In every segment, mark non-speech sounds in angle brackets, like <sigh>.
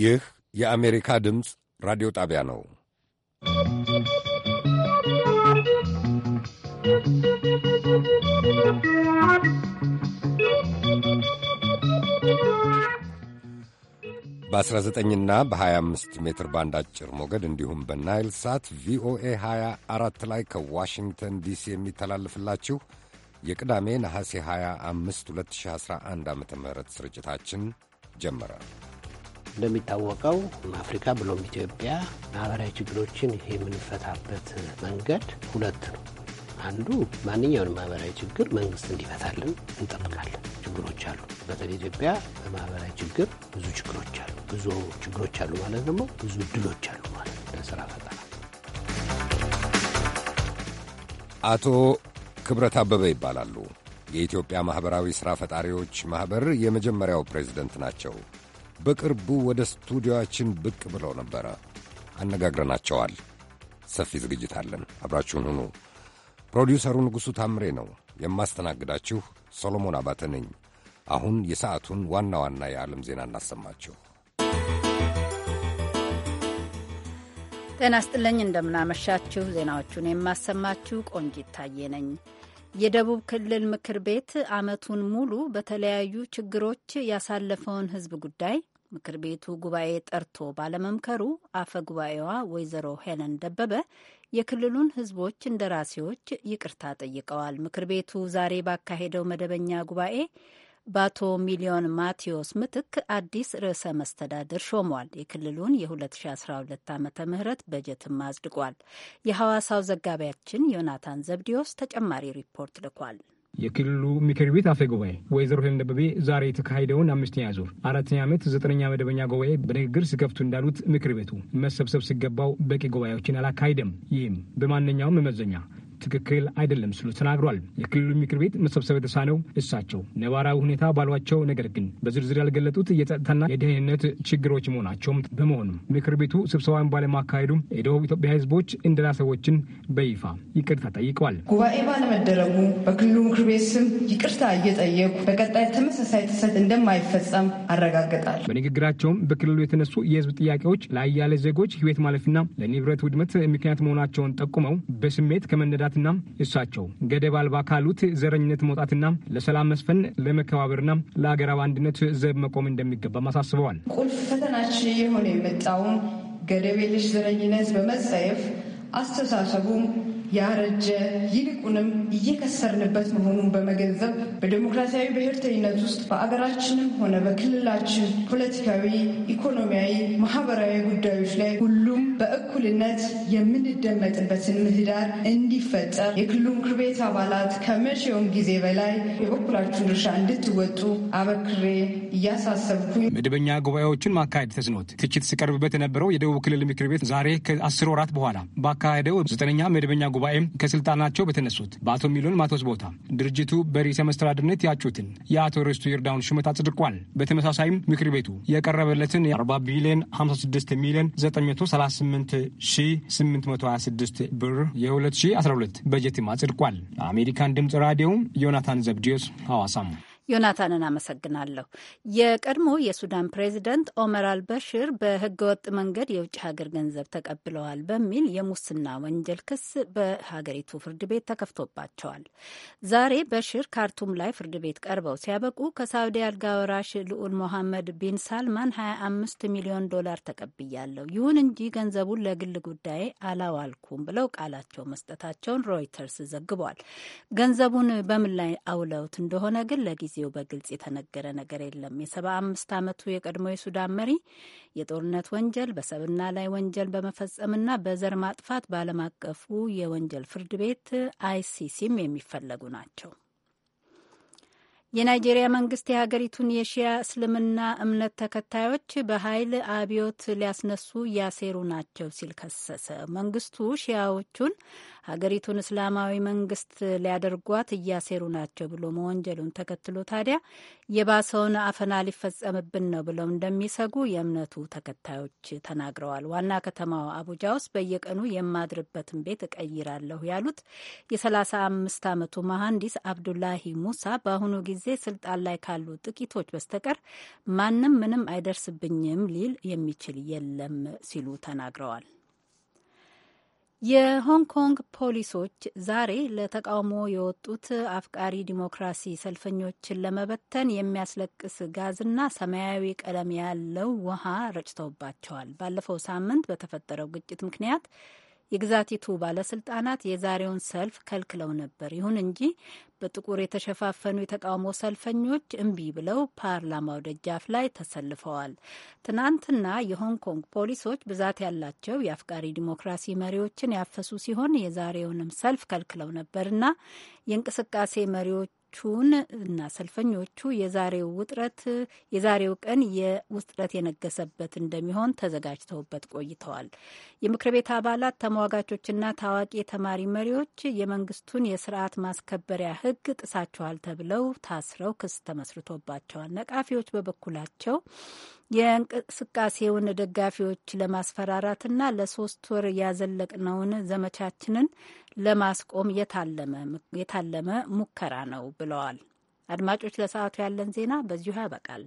ይህ የአሜሪካ ድምፅ ራዲዮ ጣቢያ ነው። በ19ና በ25 ሜትር ባንድ አጭር ሞገድ እንዲሁም በናይል ሳት ቪኦኤ 24 ላይ ከዋሽንግተን ዲሲ የሚተላለፍላችሁ የቅዳሜ ነሐሴ 25 2011 ዓ ም ስርጭታችን ጀመረ። እንደሚታወቀው አፍሪካ ብሎም ኢትዮጵያ ማህበራዊ ችግሮችን የምንፈታበት መንገድ ሁለት ነው። አንዱ ማንኛውንም ማህበራዊ ችግር መንግስት እንዲፈታልን እንጠብቃለን። ችግሮች አሉ። በተለይ ኢትዮጵያ በማህበራዊ ችግር ብዙ ችግሮች አሉ። ብዙ ችግሮች አሉ ማለት ደግሞ ብዙ እድሎች አሉ ማለት ነው ለስራ ፈጠራ። አቶ ክብረት አበበ ይባላሉ። የኢትዮጵያ ማኅበራዊ ሥራ ፈጣሪዎች ማኅበር የመጀመሪያው ፕሬዝደንት ናቸው። በቅርቡ ወደ ስቱዲዮአችን ብቅ ብለው ነበረ። አነጋግረናቸዋል። ሰፊ ዝግጅት አለን። አብራችሁን ሁኑ። ፕሮዲውሰሩ ንጉሡ ታምሬ ነው። የማስተናግዳችሁ ሰሎሞን አባተ ነኝ። አሁን የሰዓቱን ዋና ዋና የዓለም ዜና እናሰማችሁ። ጤና ስጥልኝ፣ እንደምናመሻችሁ። ዜናዎቹን የማሰማችሁ ቆንጂት ታዬ ነኝ። የደቡብ ክልል ምክር ቤት ዓመቱን ሙሉ በተለያዩ ችግሮች ያሳለፈውን ሕዝብ ጉዳይ ምክር ቤቱ ጉባኤ ጠርቶ ባለመምከሩ አፈ ጉባኤዋ ወይዘሮ ሄለን ደበበ የክልሉን እንደ እንደራሴዎች ይቅርታ ጠይቀዋል። ምክር ቤቱ ዛሬ ባካሄደው መደበኛ ጉባኤ በአቶ ሚሊዮን ማቴዎስ ምትክ አዲስ ርዕሰ መስተዳድር ሾሟል። የክልሉን የ2012 ዓ ም በጀትም አጽድቋል። የሐዋሳው ዘጋቢያችን ዮናታን ዘብዲዮስ ተጨማሪ ሪፖርት ልኳል። የክልሉ ምክር ቤት አፈ ጉባኤ ወይዘሮ ሄለን ደበቤ ዛሬ የተካሄደውን አምስተኛ ዙር አራተኛ ዓመት ዘጠነኛ መደበኛ ጉባኤ በንግግር ሲከፍቱ እንዳሉት ምክር ቤቱ መሰብሰብ ሲገባው በቂ ጉባኤዎችን አላካሄደም። ይህም በማንኛውም መመዘኛ ትክክል አይደለም ሲሉ ተናግሯል። የክልሉ ምክር ቤት መሰብሰብ የተሳነው እሳቸው ነባራዊ ሁኔታ ባሏቸው ነገር ግን በዝርዝር ያልገለጡት የጸጥታና የደህንነት ችግሮች መሆናቸውም በመሆኑ ምክር ቤቱ ስብሰባን ባለማካሄዱ የደቡብ ኢትዮጵያ ሕዝቦች እንደራሴዎችን በይፋ ይቅርታ ጠይቀዋል። ጉባኤ ባለመደረጉ በክልሉ ምክር ቤት ስም ይቅርታ እየጠየቁ በቀጣይ ተመሳሳይ ጥሰት እንደማይፈጸም አረጋግጣል። በንግግራቸውም በክልሉ የተነሱ የህዝብ ጥያቄዎች ለአያሌ ዜጎች ህይወት ማለፍና ለንብረት ውድመት ምክንያት መሆናቸውን ጠቁመው በስሜት ከመነዳት መጽናትና እሳቸው ገደብ አልባ ካሉት ዘረኝነት መውጣትና ለሰላም መስፈን ለመከባበርና ለሀገራዊ አንድነት ዘብ መቆም እንደሚገባም አሳስበዋል። ቁልፍ ፈተናችን የሆነ የመጣውን ገደብ የለሽ ዘረኝነት በመጸየፍ አስተሳሰቡም ያረጀ ይልቁንም እየከሰርንበት መሆኑን በመገንዘብ በዴሞክራሲያዊ ብሔርተኝነት ውስጥ በአገራችንም ሆነ በክልላችን ፖለቲካዊ፣ ኢኮኖሚያዊ፣ ማህበራዊ ጉዳዮች ላይ ሁሉም በእኩልነት የምንደመጥበትን ምህዳር እንዲፈጠር የክልሉ ምክር ቤት አባላት ከመቼውም ጊዜ በላይ የበኩላችሁን ድርሻ እንድትወጡ አበክሬ እያሳሰብኩኝ መደበኛ ጉባኤዎችን ማካሄድ ተስኖት ትችት ሲቀርብበት የነበረው የደቡብ ክልል ምክር ቤት ዛሬ ከአስር ወራት በኋላ ባካሄደው ዘጠነኛ መደበኛ ጉባኤም ከስልጣናቸው በተነሱት በአቶ ሚሊዮን ማቶስ ቦታ ድርጅቱ በርዕሰ መስተዳድርነት ያጩትን የአቶ ርስቱ ይርዳውን ሹመት አጽድቋል። በተመሳሳይም ምክር ቤቱ የቀረበለትን የ40 ቢሊዮን 56 ሚሊዮን 938826 ብር የ2012 በጀትም አጽድቋል። ለአሜሪካን ድምፅ ራዲዮ ዮናታን ዘብዲዮስ ሐዋሳም ዮናታንን አመሰግናለሁ። የቀድሞ የሱዳን ፕሬዚደንት ኦመር አልበሽር በህገወጥ መንገድ የውጭ ሀገር ገንዘብ ተቀብለዋል በሚል የሙስና ወንጀል ክስ በሀገሪቱ ፍርድ ቤት ተከፍቶባቸዋል። ዛሬ በሽር ካርቱም ላይ ፍርድ ቤት ቀርበው ሲያበቁ ከሳውዲ አልጋ ወራሽ ልዑል ሞሐመድ ቢን ሳልማን 25 ሚሊዮን ዶላር ተቀብያለሁ፣ ይሁን እንጂ ገንዘቡን ለግል ጉዳይ አላዋልኩም ብለው ቃላቸው መስጠታቸውን ሮይተርስ ዘግቧል። ገንዘቡን በምን ላይ አውለውት እንደሆነ ግን ለጊዜ ለጊዜው በግልጽ የተነገረ ነገር የለም። የሰባ አምስት ዓመቱ የቀድሞ የሱዳን መሪ የጦርነት ወንጀል በሰብና ላይ ወንጀል በመፈጸምና በዘር ማጥፋት በዓለም አቀፉ የወንጀል ፍርድ ቤት አይሲሲም የሚፈለጉ ናቸው። የናይጄሪያ መንግስት የሀገሪቱን የሺያ እስልምና እምነት ተከታዮች በኃይል አብዮት ሊያስነሱ እያሴሩ ናቸው ሲል ከሰሰ። መንግስቱ ሺያዎቹን ሀገሪቱን እስላማዊ መንግስት ሊያደርጓት እያሴሩ ናቸው ብሎ መወንጀሉን ተከትሎ ታዲያ የባሰውን አፈና ሊፈጸምብን ነው ብለው እንደሚሰጉ የእምነቱ ተከታዮች ተናግረዋል። ዋና ከተማው አቡጃ ውስጥ በየቀኑ የማድርበትን ቤት እቀይራለሁ ያሉት የሰላሳ 35 ዓመቱ መሐንዲስ አብዱላሂ ሙሳ በአሁኑ ጊዜ ስልጣን ላይ ካሉ ጥቂቶች በስተቀር ማንም ምንም አይደርስብኝም ሊል የሚችል የለም ሲሉ ተናግረዋል። የሆንግ ኮንግ ፖሊሶች ዛሬ ለተቃውሞ የወጡት አፍቃሪ ዲሞክራሲ ሰልፈኞችን ለመበተን የሚያስለቅስ ጋዝና ሰማያዊ ቀለም ያለው ውሃ ረጭተውባቸዋል። ባለፈው ሳምንት በተፈጠረው ግጭት ምክንያት የግዛቲቱ ባለስልጣናት የዛሬውን ሰልፍ ከልክለው ነበር። ይሁን እንጂ በጥቁር የተሸፋፈኑ የተቃውሞ ሰልፈኞች እምቢ ብለው ፓርላማው ደጃፍ ላይ ተሰልፈዋል። ትናንትና የሆንግ ኮንግ ፖሊሶች ብዛት ያላቸው የአፍቃሪ ዲሞክራሲ መሪዎችን ያፈሱ ሲሆን የዛሬውንም ሰልፍ ከልክለው ነበርና የእንቅስቃሴ መሪዎች ሰልፈኞቹን እና ሰልፈኞቹ የዛሬው ውጥረት የዛሬው ቀን የውጥረት የነገሰበት እንደሚሆን ተዘጋጅተውበት ቆይተዋል። የምክር ቤት አባላት ተሟጋቾችና ታዋቂ የተማሪ መሪዎች የመንግስቱን የስርዓት ማስከበሪያ ህግ ጥሳቸዋል ተብለው ታስረው ክስ ተመስርቶባቸዋል። ነቃፊዎች በበኩላቸው የእንቅስቃሴውን ደጋፊዎች ለማስፈራራትና ለሶስት ወር ያዘለቅነውን ዘመቻችንን ለማስቆም የታለመ ሙከራ ነው ብለዋል። አድማጮች፣ ለሰዓቱ ያለን ዜና በዚሁ ያበቃል።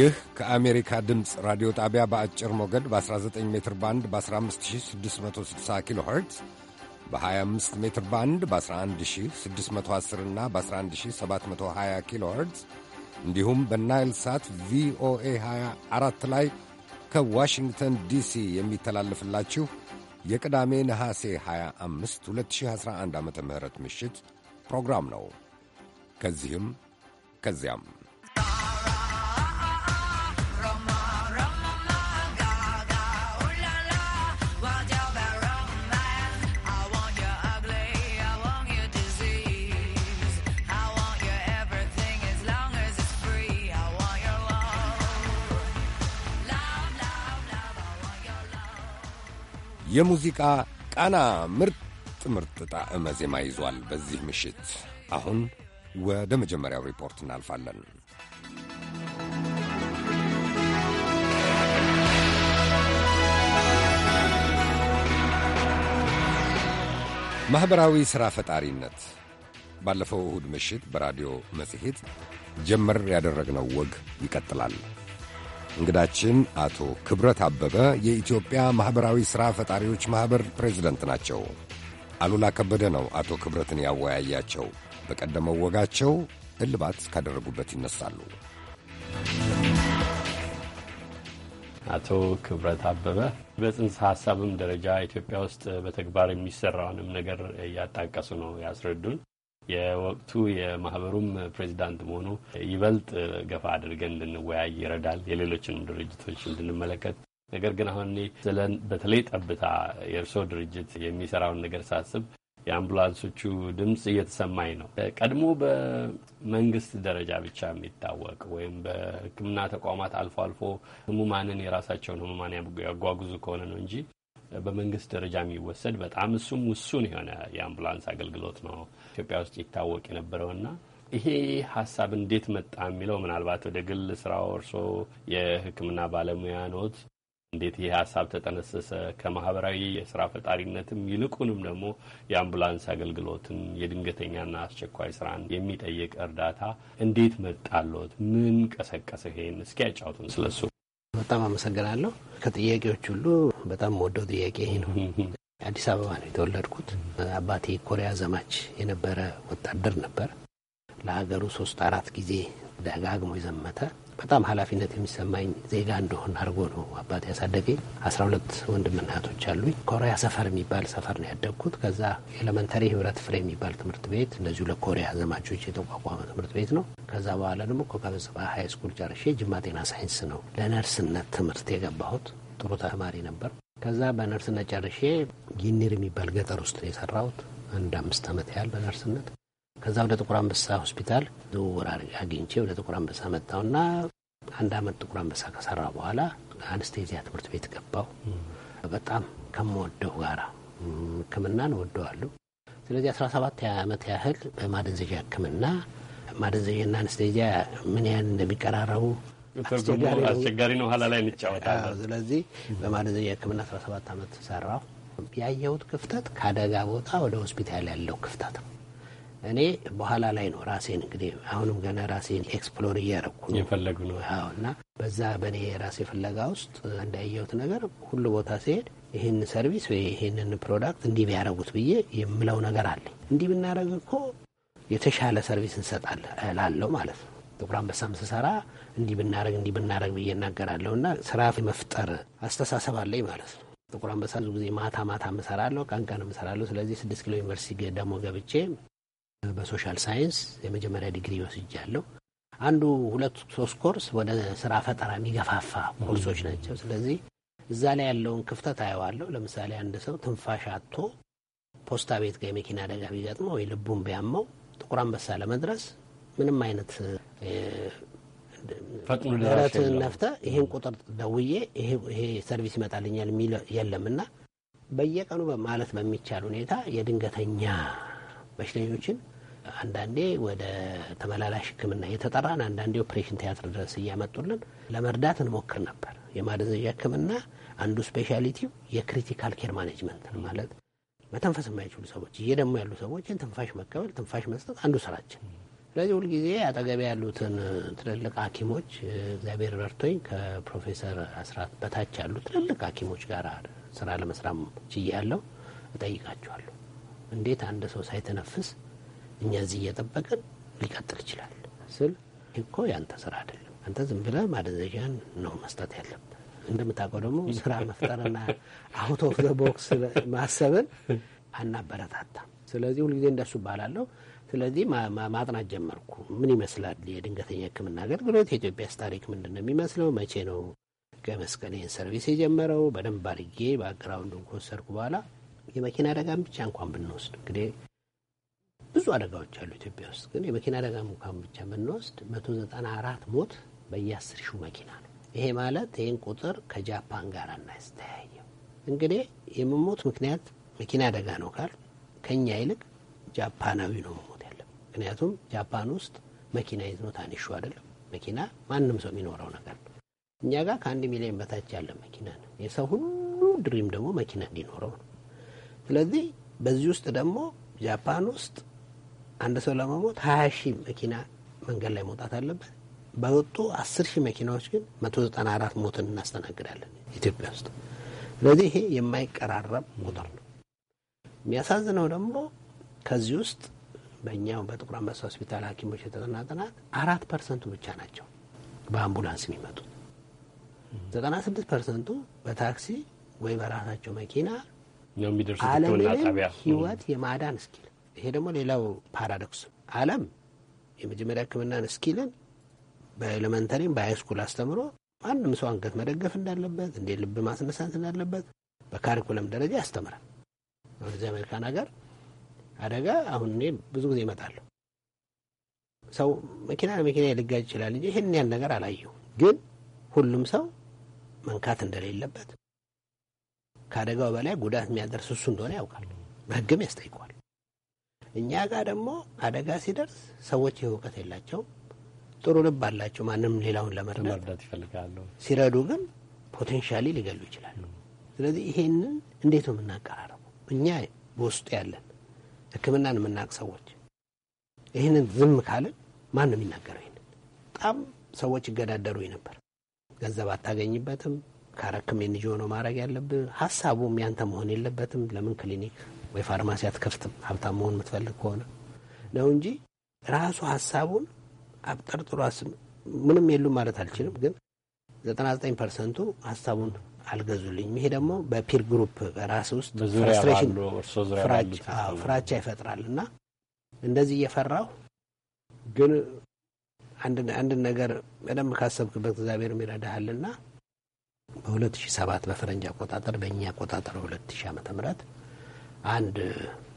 ይህ ከአሜሪካ ድምፅ ራዲዮ ጣቢያ በአጭር ሞገድ በ19 ሜትር ባንድ በ15660 ኪሎ ኸርትዝ በ25 ሜትር ባንድ በ11610 እና በ11720 ኪሎ ኸርትዝ እንዲሁም በናይል ሳት ቪኦኤ 24 ላይ ከዋሽንግተን ዲሲ የሚተላለፍላችሁ የቅዳሜ ነሐሴ 25 2011 ዓ ም ምሽት ፕሮግራም ነው። ከዚህም ከዚያም የሙዚቃ ቃና ምርጥ ምርጥ ጣዕመ ዜማ ይዟል በዚህ ምሽት። አሁን ወደ መጀመሪያው ሪፖርት እናልፋለን። ማኅበራዊ ሥራ ፈጣሪነት ባለፈው እሁድ ምሽት በራዲዮ መጽሔት ጀመር ያደረግነው ወግ ይቀጥላል። እንግዳችን አቶ ክብረት አበበ የኢትዮጵያ ማኅበራዊ ሥራ ፈጣሪዎች ማኅበር ፕሬዚደንት ናቸው። አሉላ ከበደ ነው አቶ ክብረትን ያወያያቸው። በቀደመው ወጋቸው እልባት ካደረጉበት ይነሳሉ። አቶ ክብረት አበበ በጽንሰ ሀሳብም ደረጃ ኢትዮጵያ ውስጥ በተግባር የሚሰራውንም ነገር እያጣቀሱ ነው ያስረዱን። የወቅቱ የማህበሩም ፕሬዚዳንት መሆኑ ይበልጥ ገፋ አድርገን እንድንወያይ ይረዳል፣ የሌሎችንም ድርጅቶች እንድንመለከት። ነገር ግን አሁን እኔ ስለ በተለይ ጠብታ የእርስዎ ድርጅት የሚሰራውን ነገር ሳስብ የአምቡላንሶቹ ድምፅ እየተሰማኝ ነው። ቀድሞ በመንግስት ደረጃ ብቻ የሚታወቅ ወይም በሕክምና ተቋማት አልፎ አልፎ ህሙማንን የራሳቸውን ህሙማን ያጓጉዙ ከሆነ ነው እንጂ በመንግስት ደረጃ የሚወሰድ በጣም እሱም ውሱን የሆነ የአምቡላንስ አገልግሎት ነው ኢትዮጵያ ውስጥ ይታወቅ የነበረውና ይሄ ሀሳብ እንዴት መጣ የሚለው ምናልባት ወደ ግል ስራው እርሶ የሕክምና ባለሙያ ኖት፣ እንዴት ይሄ ሀሳብ ተጠነሰሰ? ከማህበራዊ የስራ ፈጣሪነትም ይልቁንም ደግሞ የአምቡላንስ አገልግሎትን የድንገተኛና አስቸኳይ ስራን የሚጠይቅ እርዳታ እንዴት መጣሎት? ምን ቀሰቀሰ? ይሄን እስኪ ያጫውቱን ስለሱ። በጣም አመሰግናለሁ። ከጥያቄዎች ሁሉ በጣም ወደው ጥያቄ ነው። <laughs> አዲስ አበባ ነው የተወለድኩት። አባቴ ኮሪያ ዘማች የነበረ ወታደር ነበር። ለሀገሩ ሶስት አራት ጊዜ ደጋግሞ የዘመተ በጣም ኃላፊነት የሚሰማኝ ዜጋ እንደሆን አድርጎ ነው አባት ያሳደገኝ። አስራ ሁለት ወንድም እናቶች አሉኝ። ኮሪያ ሰፈር የሚባል ሰፈር ነው ያደግኩት። ከዛ ኤሌመንተሪ ህብረት ፍሬ የሚባል ትምህርት ቤት እንደዚሁ ለኮሪያ ዘማቾች የተቋቋመ ትምህርት ቤት ነው። ከዛ በኋላ ደግሞ ኮከበጽባ ሀይ ስኩል ጨርሼ ጅማ ጤና ሳይንስ ነው ለነርስነት ትምህርት የገባሁት። ጥሩ ተማሪ ነበር። ከዛ በነርስነት ጨርሼ ጊኒር የሚባል ገጠር ውስጥ ነው የሰራሁት አንድ አምስት ዓመት ያህል በነርስነት ከዛ ወደ ጥቁር አንበሳ ሆስፒታል ዝውውር አግኝቼ ወደ ጥቁር አንበሳ መጣሁና አንድ ዓመት ጥቁር አንበሳ ከሰራ በኋላ አንስቴዚያ ትምህርት ቤት ገባሁ። በጣም ከምወደው ጋራ ሕክምናን ወደዋለሁ። ስለዚህ 17 ዓመት ያህል በማደንዘዣ ሕክምና ማደንዘዣና አንስቴዚያ ምን ያህል እንደሚቀራረቡ አስቸጋሪ ነው። ኋላ ላይ እንጫወታለን። ስለዚህ በማደዘኛ ሕክምና 17 ዓመት ሰራሁ። ያየሁት ክፍተት ከአደጋ ቦታ ወደ ሆስፒታል ያለው ክፍተት ነው። እኔ በኋላ ላይ ነው ራሴን እንግዲህ አሁንም ገና ራሴን ኤክስፕሎር እያረኩ ነው የፈለጉ ነው እና በዛ በእኔ የራሴ ፍለጋ ውስጥ እንዳየሁት ነገር ሁሉ ቦታ ሲሄድ ይህን ሰርቪስ ወይ ይህንን ፕሮዳክት እንዲህ ቢያደረጉት ብዬ የምለው ነገር አለኝ። እንዲህ ብናደረግ እኮ የተሻለ ሰርቪስ እንሰጣለን ላለው ማለት ነው። ጥቁር አንበሳም ስሰራ እንዲህ ብናረግ እንዲህ ብናደረግ ብዬ እናገራለሁ እና ስራ መፍጠር አስተሳሰብ አለኝ ማለት ነው። ጥቁር አንበሳ ብዙ ጊዜ ማታ ማታ ምሰራለሁ፣ ቀን ቀን ምሰራለሁ። ስለዚህ ስድስት ኪሎ ዩኒቨርሲቲ ደግሞ ገብቼ በሶሻል ሳይንስ የመጀመሪያ ዲግሪ ወስጃለሁ። አንዱ ሁለት ሶስት ኮርስ ወደ ስራ ፈጠራ የሚገፋፋ ኮርሶች ናቸው። ስለዚህ እዛ ላይ ያለውን ክፍተት አየዋለሁ። ለምሳሌ አንድ ሰው ትንፋሽ አጥቶ ፖስታ ቤት ጋር የመኪና አደጋ ቢገጥመው ወይ ልቡን ቢያመው ጥቁር አንበሳ ለመድረስ ምንም አይነት ምህረትህን ነፍተ ይህን ቁጥር ደውዬ ይሄ ሰርቪስ ይመጣልኛል የሚል የለም በየቀኑ ማለት በሚቻል ሁኔታ የድንገተኛ በሽተኞችን አንዳንዴ ወደ ተመላላሽ ሕክምና የተጠራን አንዳንዴ ኦፕሬሽን ቲያትር ድረስ እያመጡልን ለመርዳት እንሞክር ነበር። የማደንዘዣ ሕክምና አንዱ ስፔሻሊቲው የክሪቲካል ኬር ማኔጅመንት ማለት መተንፈስ የማይችሉ ሰዎች እየደሙ ያሉ ሰዎችን ትንፋሽ መቀበል፣ ትንፋሽ መስጠት አንዱ ስራችን ስለዚህ ሁልጊዜ አጠገቤ ያሉትን ትልልቅ ሐኪሞች እግዚአብሔር ረድቶኝ ከፕሮፌሰር አስራት በታች ያሉ ትልልቅ ሐኪሞች ጋር ስራ ለመስራም ችያለሁ። እጠይቃቸዋለሁ እንዴት አንድ ሰው ሳይተነፍስ እኛ እዚህ እየጠበቅን ሊቀጥል ይችላል ስል እኮ ያንተ ስራ አይደለም፣ አንተ ዝም ብለህ ማደንዘዣን ነው መስጠት ያለብህ። እንደምታውቀው ደግሞ ስራ መፍጠርና አውት ኦፍ ዘ ቦክስ ማሰብን አናበረታታም። ስለዚህ ሁልጊዜ እንደሱ እባላለሁ። ስለዚህ ማጥናት ጀመርኩ። ምን ይመስላል የድንገተኛ ሕክምና አገልግሎት የኢትዮጵያስ ታሪክ ምንድን ነው የሚመስለው? መቼ ነው ቀመስቀሌን ሰርቪስ የጀመረው? በደንብ አድርጌ በአገራውንዱን ከወሰድኩ በኋላ የመኪና አደጋን ብቻ እንኳን ብንወስድ እንግዲህ ብዙ አደጋዎች አሉ ኢትዮጵያ ውስጥ ግን የመኪና አደጋ እንኳን ብቻ ብንወስድ መቶ ዘጠና አራት ሞት በየአስር ሺው መኪና ነው። ይሄ ማለት ይህን ቁጥር ከጃፓን ጋር እናስተያየው እንግዲህ የምሞት ምክንያት መኪና አደጋ ነው ካል ከኛ ይልቅ ጃፓናዊ ነው ምክንያቱም ጃፓን ውስጥ መኪና ይዞ ታንሹ አይደለም። መኪና ማንም ሰው የሚኖረው ነገር ነው። እኛ ጋር ከአንድ ሚሊዮን በታች ያለ መኪና ነው። የሰው ሁሉ ድሪም ደግሞ መኪና እንዲኖረው ነው። ስለዚህ በዚህ ውስጥ ደግሞ ጃፓን ውስጥ አንድ ሰው ለመሞት ሀያ ሺህ መኪና መንገድ ላይ መውጣት አለበት። በወጡ አስር ሺህ መኪናዎች ግን መቶ ዘጠና አራት ሞትን እናስተናግዳለን ኢትዮጵያ ውስጥ። ስለዚህ ይሄ የማይቀራረብ ቁጥር ነው። የሚያሳዝነው ደግሞ ከዚህ ውስጥ በእኛው በጥቁር አንበሳ ሆስፒታል ሐኪሞች የተጠና ጥናት አራት ፐርሰንቱ ብቻ ናቸው በአምቡላንስ የሚመጡት። ዘጠና ስድስት ፐርሰንቱ በታክሲ ወይ በራሳቸው መኪና ዓለምንም ህይወት የማዳን እስኪል። ይሄ ደግሞ ሌላው ፓራዶክስ አለም የመጀመሪያ ህክምናን እስኪልን በኤሌመንተሪም በሃይስኩል አስተምሮ ማንም ሰው አንገት መደገፍ እንዳለበት፣ እንዴ ልብ ማስነሳት እንዳለበት በካሪኩለም ደረጃ ያስተምራል። ወደዚህ አሜሪካን ሀገር አደጋ አሁን እኔ ብዙ ጊዜ እመጣለሁ። ሰው መኪና ለመኪና ሊጋጭ ይችላል እንጂ ይህን ያን ነገር አላየሁ። ግን ሁሉም ሰው መንካት እንደሌለበት ከአደጋው በላይ ጉዳት የሚያደርስ እሱ እንደሆነ ያውቃል፣ በህግም ያስጠይቋል። እኛ ጋር ደግሞ አደጋ ሲደርስ ሰዎች ይህ እውቀት የላቸውም። ጥሩ ልብ አላቸው፣ ማንም ሌላውን ለመርዳት ይፈልጋሉ። ሲረዱ ግን ፖቴንሻሊ ሊገሉ ይችላሉ። ስለዚህ ይሄንን እንዴት ነው የምናቀራረበው እኛ በውስጡ ያለን ሕክምናን የምናውቅ ሰዎች ይህንን ዝም ካልን ማን ነው የሚናገረው? ይህንን በጣም ሰዎች ይገዳደሩ ነበር። ገንዘብ አታገኝበትም። ካረክም የንጅ ሆኖ ማድረግ ያለብህ ሀሳቡም ያንተ መሆን የለበትም። ለምን ክሊኒክ ወይ ፋርማሲ አትከፍትም? ሀብታም መሆን የምትፈልግ ከሆነ ነው እንጂ ራሱ ሀሳቡን አብጠርጥሮ ምንም የሉም ማለት አልችልም፣ ግን ዘጠኝ ፐርሰንቱ ሀሳቡን አልገዙልኝም። ይሄ ደግሞ በፒር ግሩፕ በራስ ውስጥ ፍራቻ ይፈጥራል እና እንደዚህ እየፈራሁ ግን አንድ ነገር በደንብ ካሰብክበት እግዚአብሔር ይረዳሃልና በ2007 በፈረንጅ አቆጣጠር በእኛ አቆጣጠር 2000 ዓ ም አንድ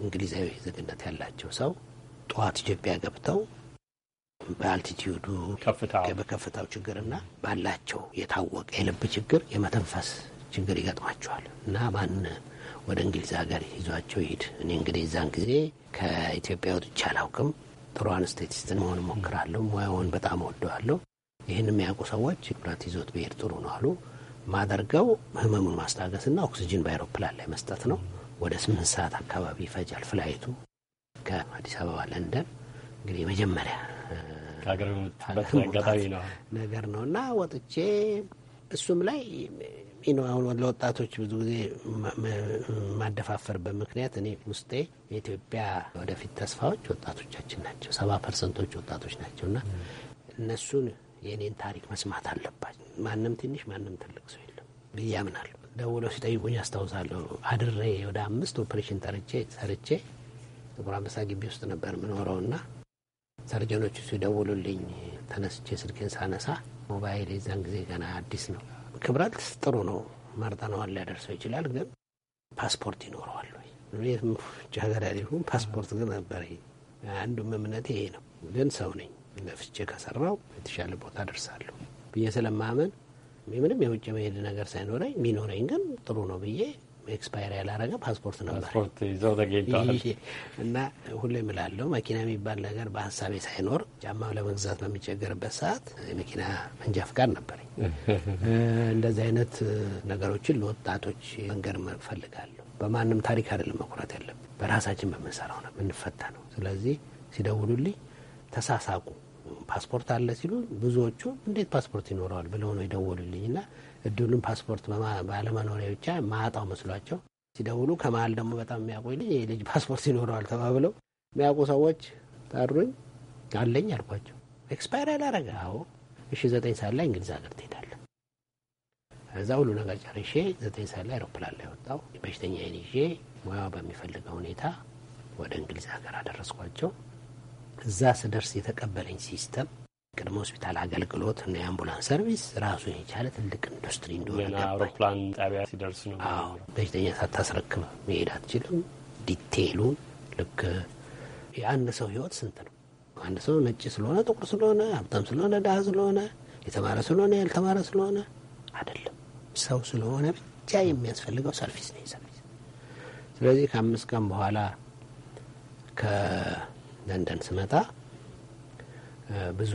እንግሊዛዊ ዜግነት ያላቸው ሰው ጠዋት ኢትዮጵያ ገብተው በአልቲቲዩዱ በከፍታው ችግርና ባላቸው የታወቀ የልብ ችግር የመተንፈስ ችግር ይገጥማቸዋል እና ማን ወደ እንግሊዝ ሀገር ይዟቸው ይሂድ። እኔ እንግዲህ እዛን ጊዜ ከኢትዮጵያ ወጥቼ አላውቅም። ጥሩ አንስቴቲስትን መሆን እሞክራለሁ። ሙያውን በጣም ወደዋለሁ። ይህን የሚያውቁ ሰዎች ትኩረት ይዞት ብሄድ ጥሩ ነው አሉ። ማደርገው ህመሙን ማስታገስና ኦክሲጅን በአይሮፕላን ላይ መስጠት ነው። ወደ ስምንት ሰዓት አካባቢ ይፈጃል ፍላይቱ ከአዲስ አበባ ለንደን። እንግዲህ የመጀመሪያ ከሀገር አጋጣሚ ነው ነገር ነው እና ወጥቼ እሱም ላይ ነው አሁን ለወጣቶች ብዙ ጊዜ ማደፋፈርበት ምክንያት እኔ ውስጤ የኢትዮጵያ ወደፊት ተስፋዎች ወጣቶቻችን ናቸው። ሰባ ፐርሰንቶች ወጣቶች ናቸው እና እነሱን የእኔን ታሪክ መስማት አለባቸው። ማንም ትንሽ ማንም ትልቅ ሰው የለም ብዬ አምናለሁ። ደውለው ሲጠይቁኝ አስታውሳለሁ። አድሬ ወደ አምስት ኦፕሬሽን ጠርቼ ሰርቼ ጥቁር አንበሳ ግቢ ውስጥ ነበር የምኖረው እና ሰርጀኖቹ ሲደውሉልኝ ተነስቼ ስልኬን ሳነሳ ሞባይል የዛን ጊዜ ገና አዲስ ነው። ክብረት ጥሩ ነው፣ መርጠነዋል ሊያደርሰው ይችላል። ግን ፓስፖርት ይኖረዋል ወይ? ውጭ ሀገር ያልሁም ፓስፖርት ግን ነበር። አንዱም እምነት ይሄ ነው። ግን ሰው ነኝ፣ ለፍቼ ከሰራው የተሻለ ቦታ ደርሳለሁ ብዬ ስለማመን ምንም የውጭ መሄድ ነገር ሳይኖረኝ ሚኖረኝ ግን ጥሩ ነው ብዬ ኤክስፓየር ያላረገ ፓስፖርት ነበር ይዘው ተገኝተዋል። እና ሁሌም እላለሁ መኪና የሚባል ነገር በሀሳቤ ሳይኖር ጫማ ለመግዛት በሚቸገርበት ሰዓት የመኪና መንጃ ፍቃድ ነበረኝ። <laughs> እንደዚህ አይነት ነገሮችን ለወጣቶች መንገድ እፈልጋለሁ። በማንም ታሪክ አይደለም መኩራት ያለብን፣ በራሳችን በምንሰራው ነው የምንፈታ ነው። ስለዚህ ሲደውሉልኝ ተሳሳቁ ፓስፖርት አለ ሲሉ ብዙዎቹ እንዴት ፓስፖርት ይኖረዋል ብለው ነው የደወሉልኝ እና እድሉን ፓስፖርት ባለመኖሪያ ብቻ ማጣው መስሏቸው ሲደውሉ ከመሀል ደግሞ በጣም የሚያውቁኝ ልጅ የልጅ ፓስፖርት ይኖረዋል ተባብለው የሚያውቁ ሰዎች ጠሩኝ። አለኝ አልኳቸው። ኤክስፓየር ያላረገ አዎ። እሺ ዘጠኝ ሰዓት ላይ እንግሊዝ ሀገር ትሄዳለህ። እዛ ሁሉ ነገር ጨርሼ ዘጠኝ ሰዓት ላይ አውሮፕላን ላይ ወጣሁ። በሽተኛ ይዤ ሙያ በሚፈልገው ሁኔታ ወደ እንግሊዝ ሀገር አደረስኳቸው። እዛ ስደርስ የተቀበለኝ ሲስተም ቅድመ ሆስፒታል አገልግሎት እና የአምቡላንስ ሰርቪስ ራሱን የቻለ ትልቅ ኢንዱስትሪ እንደሆነ አውሮፕላን ጣቢያ ሲደርስ ነው። አዎ በሽተኛ ሳታስረክብ መሄድ አትችልም። ዲቴይሉን ልክ የአንድ ሰው ህይወት ስንት ነው? አንድ ሰው ነጭ ስለሆነ፣ ጥቁር ስለሆነ፣ ሀብታም ስለሆነ፣ ድሃ ስለሆነ፣ የተማረ ስለሆነ፣ ያልተማረ ስለሆነ አይደለም። ሰው ስለሆነ ብቻ የሚያስፈልገው ሰርቪስ ነው ሰርቪስ። ስለዚህ ከአምስት ቀን በኋላ ከለንደን ስመጣ ብዙ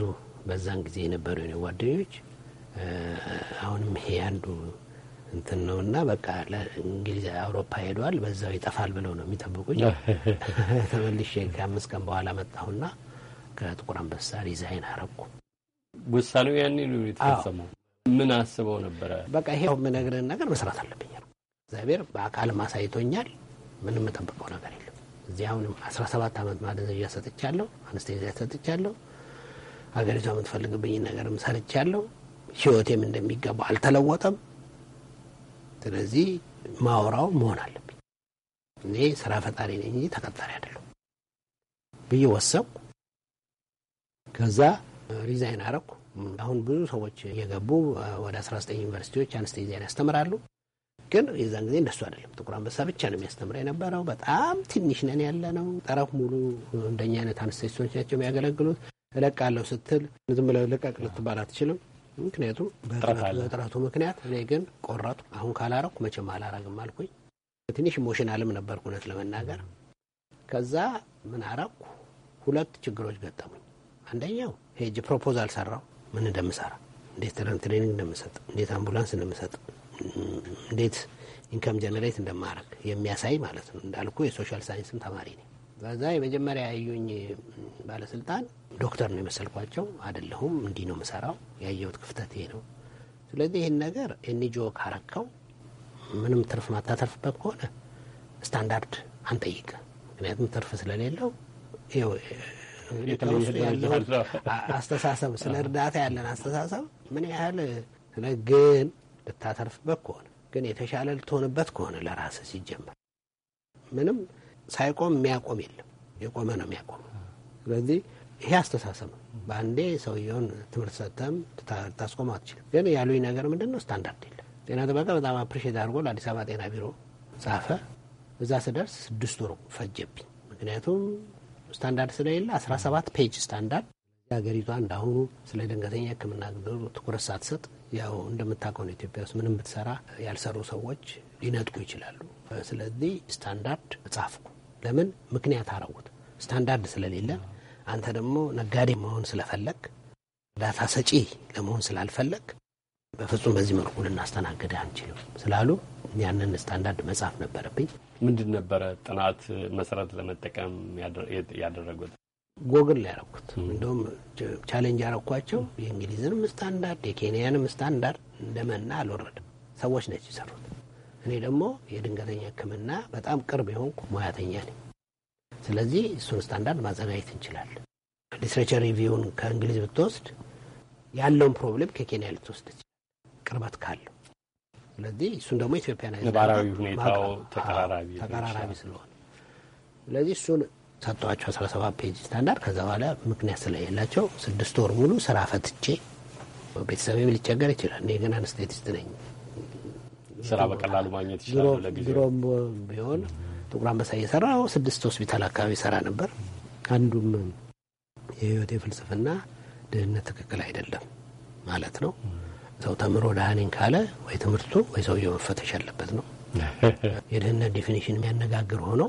በዛን ጊዜ የነበሩ የኔ ጓደኞች አሁንም ይሄ አንዱ እንትን ነው እና በቃ እንግሊዝ አውሮፓ ሄደዋል፣ በዛው ይጠፋል ብለው ነው የሚጠብቁኝ። <laughs> ተመልሼ ከአምስት ቀን በኋላ መጣሁና ከጥቁር አንበሳ ሪዛይን አረኩ። ውሳኔው ያኔ ነው የተፈጸመው። ምን አስበው ነበረ? በቃ ይሄ የምነግርህን ነገር መስራት አለብኝ ነው። እግዚአብሔር በአካልም አሳይቶኛል። ምንም የምጠብቀው ነገር የለም። እዚህ አሁንም አስራ ሰባት ዓመት ማደንዘዣ ሰጥቻለሁ፣ አነስተኛ ሰጥቻለሁ። ሀገሪቷ የምትፈልግብኝ ነገርም ሰርቻለሁ። ህይወቴም እንደሚገባ አልተለወጠም። ስለዚህ ማወራው መሆን አለብኝ። እኔ ስራ ፈጣሪ ነኝ እንጂ ተቀጣሪ አይደለሁ ብዬ ወሰንኩ። ከዛ ሪዛይን አረኩ። አሁን ብዙ ሰዎች እየገቡ ወደ 19 ዩኒቨርሲቲዎች አንስቴዚያን ያስተምራሉ። ግን የዛን ጊዜ እንደሱ አይደለም። ጥቁር አንበሳ ብቻ ነው የሚያስተምር የነበረው። በጣም ትንሽ ነን ያለ ነው። ጠረፍ ሙሉ እንደኛ አይነት አንስቴቶች ናቸው የሚያገለግሉት። እለቃለሁ ስትል ዝም ብለው ልቀቅ ልትባል አትችልም። ምክንያቱም በጥረቱ ምክንያት እኔ ግን ቆረጡ። አሁን ካላረኩ መቼም አላረግም አልኩኝ። ትንሽ ኢሞሽናልም ነበር እውነት ለመናገር። ከዛ ምን አረኩ? ሁለት ችግሮች ገጠሙኝ። አንደኛው ሄጅ ፕሮፖዛል ሰራው፣ ምን እንደምሰራ፣ እንዴት ትሬኒንግ እንደምሰጥ፣ እንዴት አምቡላንስ እንደምሰጥ፣ እንዴት ኢንከም ጀነሬት እንደማረግ የሚያሳይ ማለት ነው። እንዳልኩ የሶሻል ሳይንስም ተማሪ ነኝ። በዛ የመጀመሪያ ያዩኝ ባለስልጣን ዶክተር ነው የመሰልኳቸው። አይደለሁም፣ እንዲህ ነው የምሰራው፣ ያየሁት ክፍተት ይሄ ነው። ስለዚህ ይህን ነገር ኤንጂኦ ካረከው ምንም ትርፍ ማታተርፍበት ከሆነ ስታንዳርድ አንጠይቅ፣ ምክንያቱም ትርፍ ስለሌለው አስተሳሰብ ስለ እርዳታ ያለን አስተሳሰብ ምን ያህል ስለ ግን ልታተርፍበት ከሆነ ግን የተሻለ ልትሆንበት ከሆነ ለራስ ሲጀመር ምንም ሳይቆም የሚያቆም የለም። የቆመ ነው የሚያቆም። ስለዚህ ይሄ አስተሳሰብ ነው። በአንዴ ሰውየውን ትምህርት ሰጥተም ልታስቆም አትችልም። ግን ያሉኝ ነገር ምንድን ነው? ስታንዳርድ የለም። ጤና ጥበቃ በጣም አፕሪሼት አድርጎ ለአዲስ አበባ ጤና ቢሮ ጻፈ። እዛ ስደርስ ስድስት ወር ፈጀብኝ። ምክንያቱም ስታንዳርድ ስለሌለ ሰባት ፔጅ ስታንዳርድ ሀገሪቷ እንዳሁኑ ስለ ድንገተኛ ሕክምና ግብር ትኩረት ሳትሰጥ ያው እንደምታውቀው ነው ኢትዮጵያ ውስጥ ምንም ብትሰራ ያልሰሩ ሰዎች ሊነጥቁ ይችላሉ። ስለዚህ ስታንዳርድ ጻፍኩ። ለምን ምክንያት አረጉት? ስታንዳርድ ስለሌለ አንተ ደግሞ ነጋዴ መሆን ስለፈለግ እርዳታ ሰጪ ለመሆን ስላልፈለግ በፍጹም በዚህ መልኩ ልናስተናግድ አንችልም ስላሉ ያንን ስታንዳርድ መጻፍ ነበረብኝ። ምንድን ነበረ ጥናት መሰረት ለመጠቀም ያደረጉት? ጎግል ላይ ያረኩት። እንደውም ቻሌንጅ ያረኳቸው የእንግሊዝንም ስታንዳርድ የኬንያንም ስታንዳርድ እንደመና አልወረድም። ሰዎች ነች ይሰሩት እኔ ደግሞ የድንገተኛ ሕክምና በጣም ቅርብ የሆንኩ ሙያተኛ ነኝ። ስለዚህ እሱን ስታንዳርድ ማዘጋጀት እንችላለን። ሊትሬቸር ሪቪውን ከእንግሊዝ ብትወስድ ያለውን ፕሮብሌም ከኬንያ ልትወስድ ይችላል፣ ቅርበት ካለው። ስለዚህ እሱን ደግሞ ኢትዮጵያ ነባራዊ ሁኔታው ተቀራራቢ ስለሆነ ስለዚህ እሱን ሰጠኋቸው 17 ፔጅ ስታንዳርድ። ከዛ በኋላ ምክንያት ስለሌላቸው ስድስት ወር ሙሉ ስራ ፈትቼ ቤተሰብ ሊቸገር ይችላል። እኔ ግን አንስቴቲስት ነኝ ስራ በቀላሉ ማግኘት ይችላሉ። ቢሆን ጥቁር አንበሳ እየሰራ ስድስት ሆስፒታል አካባቢ ይሰራ ነበር። አንዱም የህይወቴ ፍልስፍና ድህነት ትክክል አይደለም ማለት ነው። ሰው ተምሮ ደሃኔን ካለ ወይ ትምህርቱ ወይ ሰውየው መፈተሽ ያለበት ነው። <laughs> የድህነት ዲፊኒሽን የሚያነጋግር ሆኖ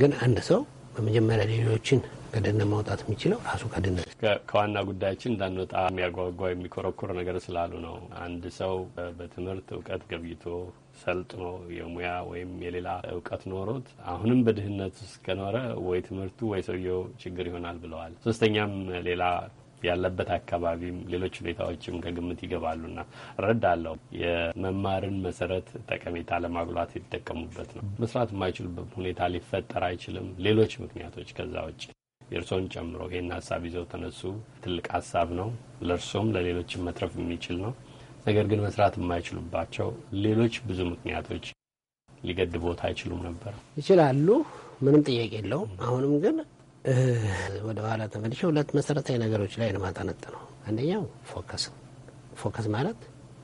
ግን አንድ ሰው በመጀመሪያ ሌሎችን ከደነ ማውጣት የሚችለው ራሱ ከደነ ከዋና ጉዳያችን እንዳንወጣ የሚያጓጓ የሚኮረኮር ነገር ስላሉ ነው። አንድ ሰው በትምህርት እውቀት ገብይቶ ሰልጥኖ የሙያ ወይም የሌላ እውቀት ኖሮት አሁንም በድህነት ውስጥ ከኖረ ወይ ትምህርቱ ወይ ሰውየው ችግር ይሆናል ብለዋል። ሶስተኛም ሌላ ያለበት አካባቢም ሌሎች ሁኔታዎችም ከግምት ይገባሉና እረዳለሁ። የመማርን መሰረት ጠቀሜታ ለማጉላት የተጠቀሙበት ነው። መስራት የማይችሉበት ሁኔታ ሊፈጠር አይችልም። ሌሎች ምክንያቶች ከዛ ውጭ የእርስዎን ጨምሮ ይህን ሀሳብ ይዘው ተነሱ። ትልቅ ሀሳብ ነው። ለእርስዎም ለሌሎችም መትረፍ የሚችል ነው። ነገር ግን መስራት የማይችሉባቸው ሌሎች ብዙ ምክንያቶች ሊገድቦት አይችሉም ነበር። ይችላሉ። ምንም ጥያቄ የለውም። አሁንም ግን ወደ ኋላ ተመልሼ ሁለት መሰረታዊ ነገሮች ላይ ነው አንደኛው ፎከስ ፎከስ ማለት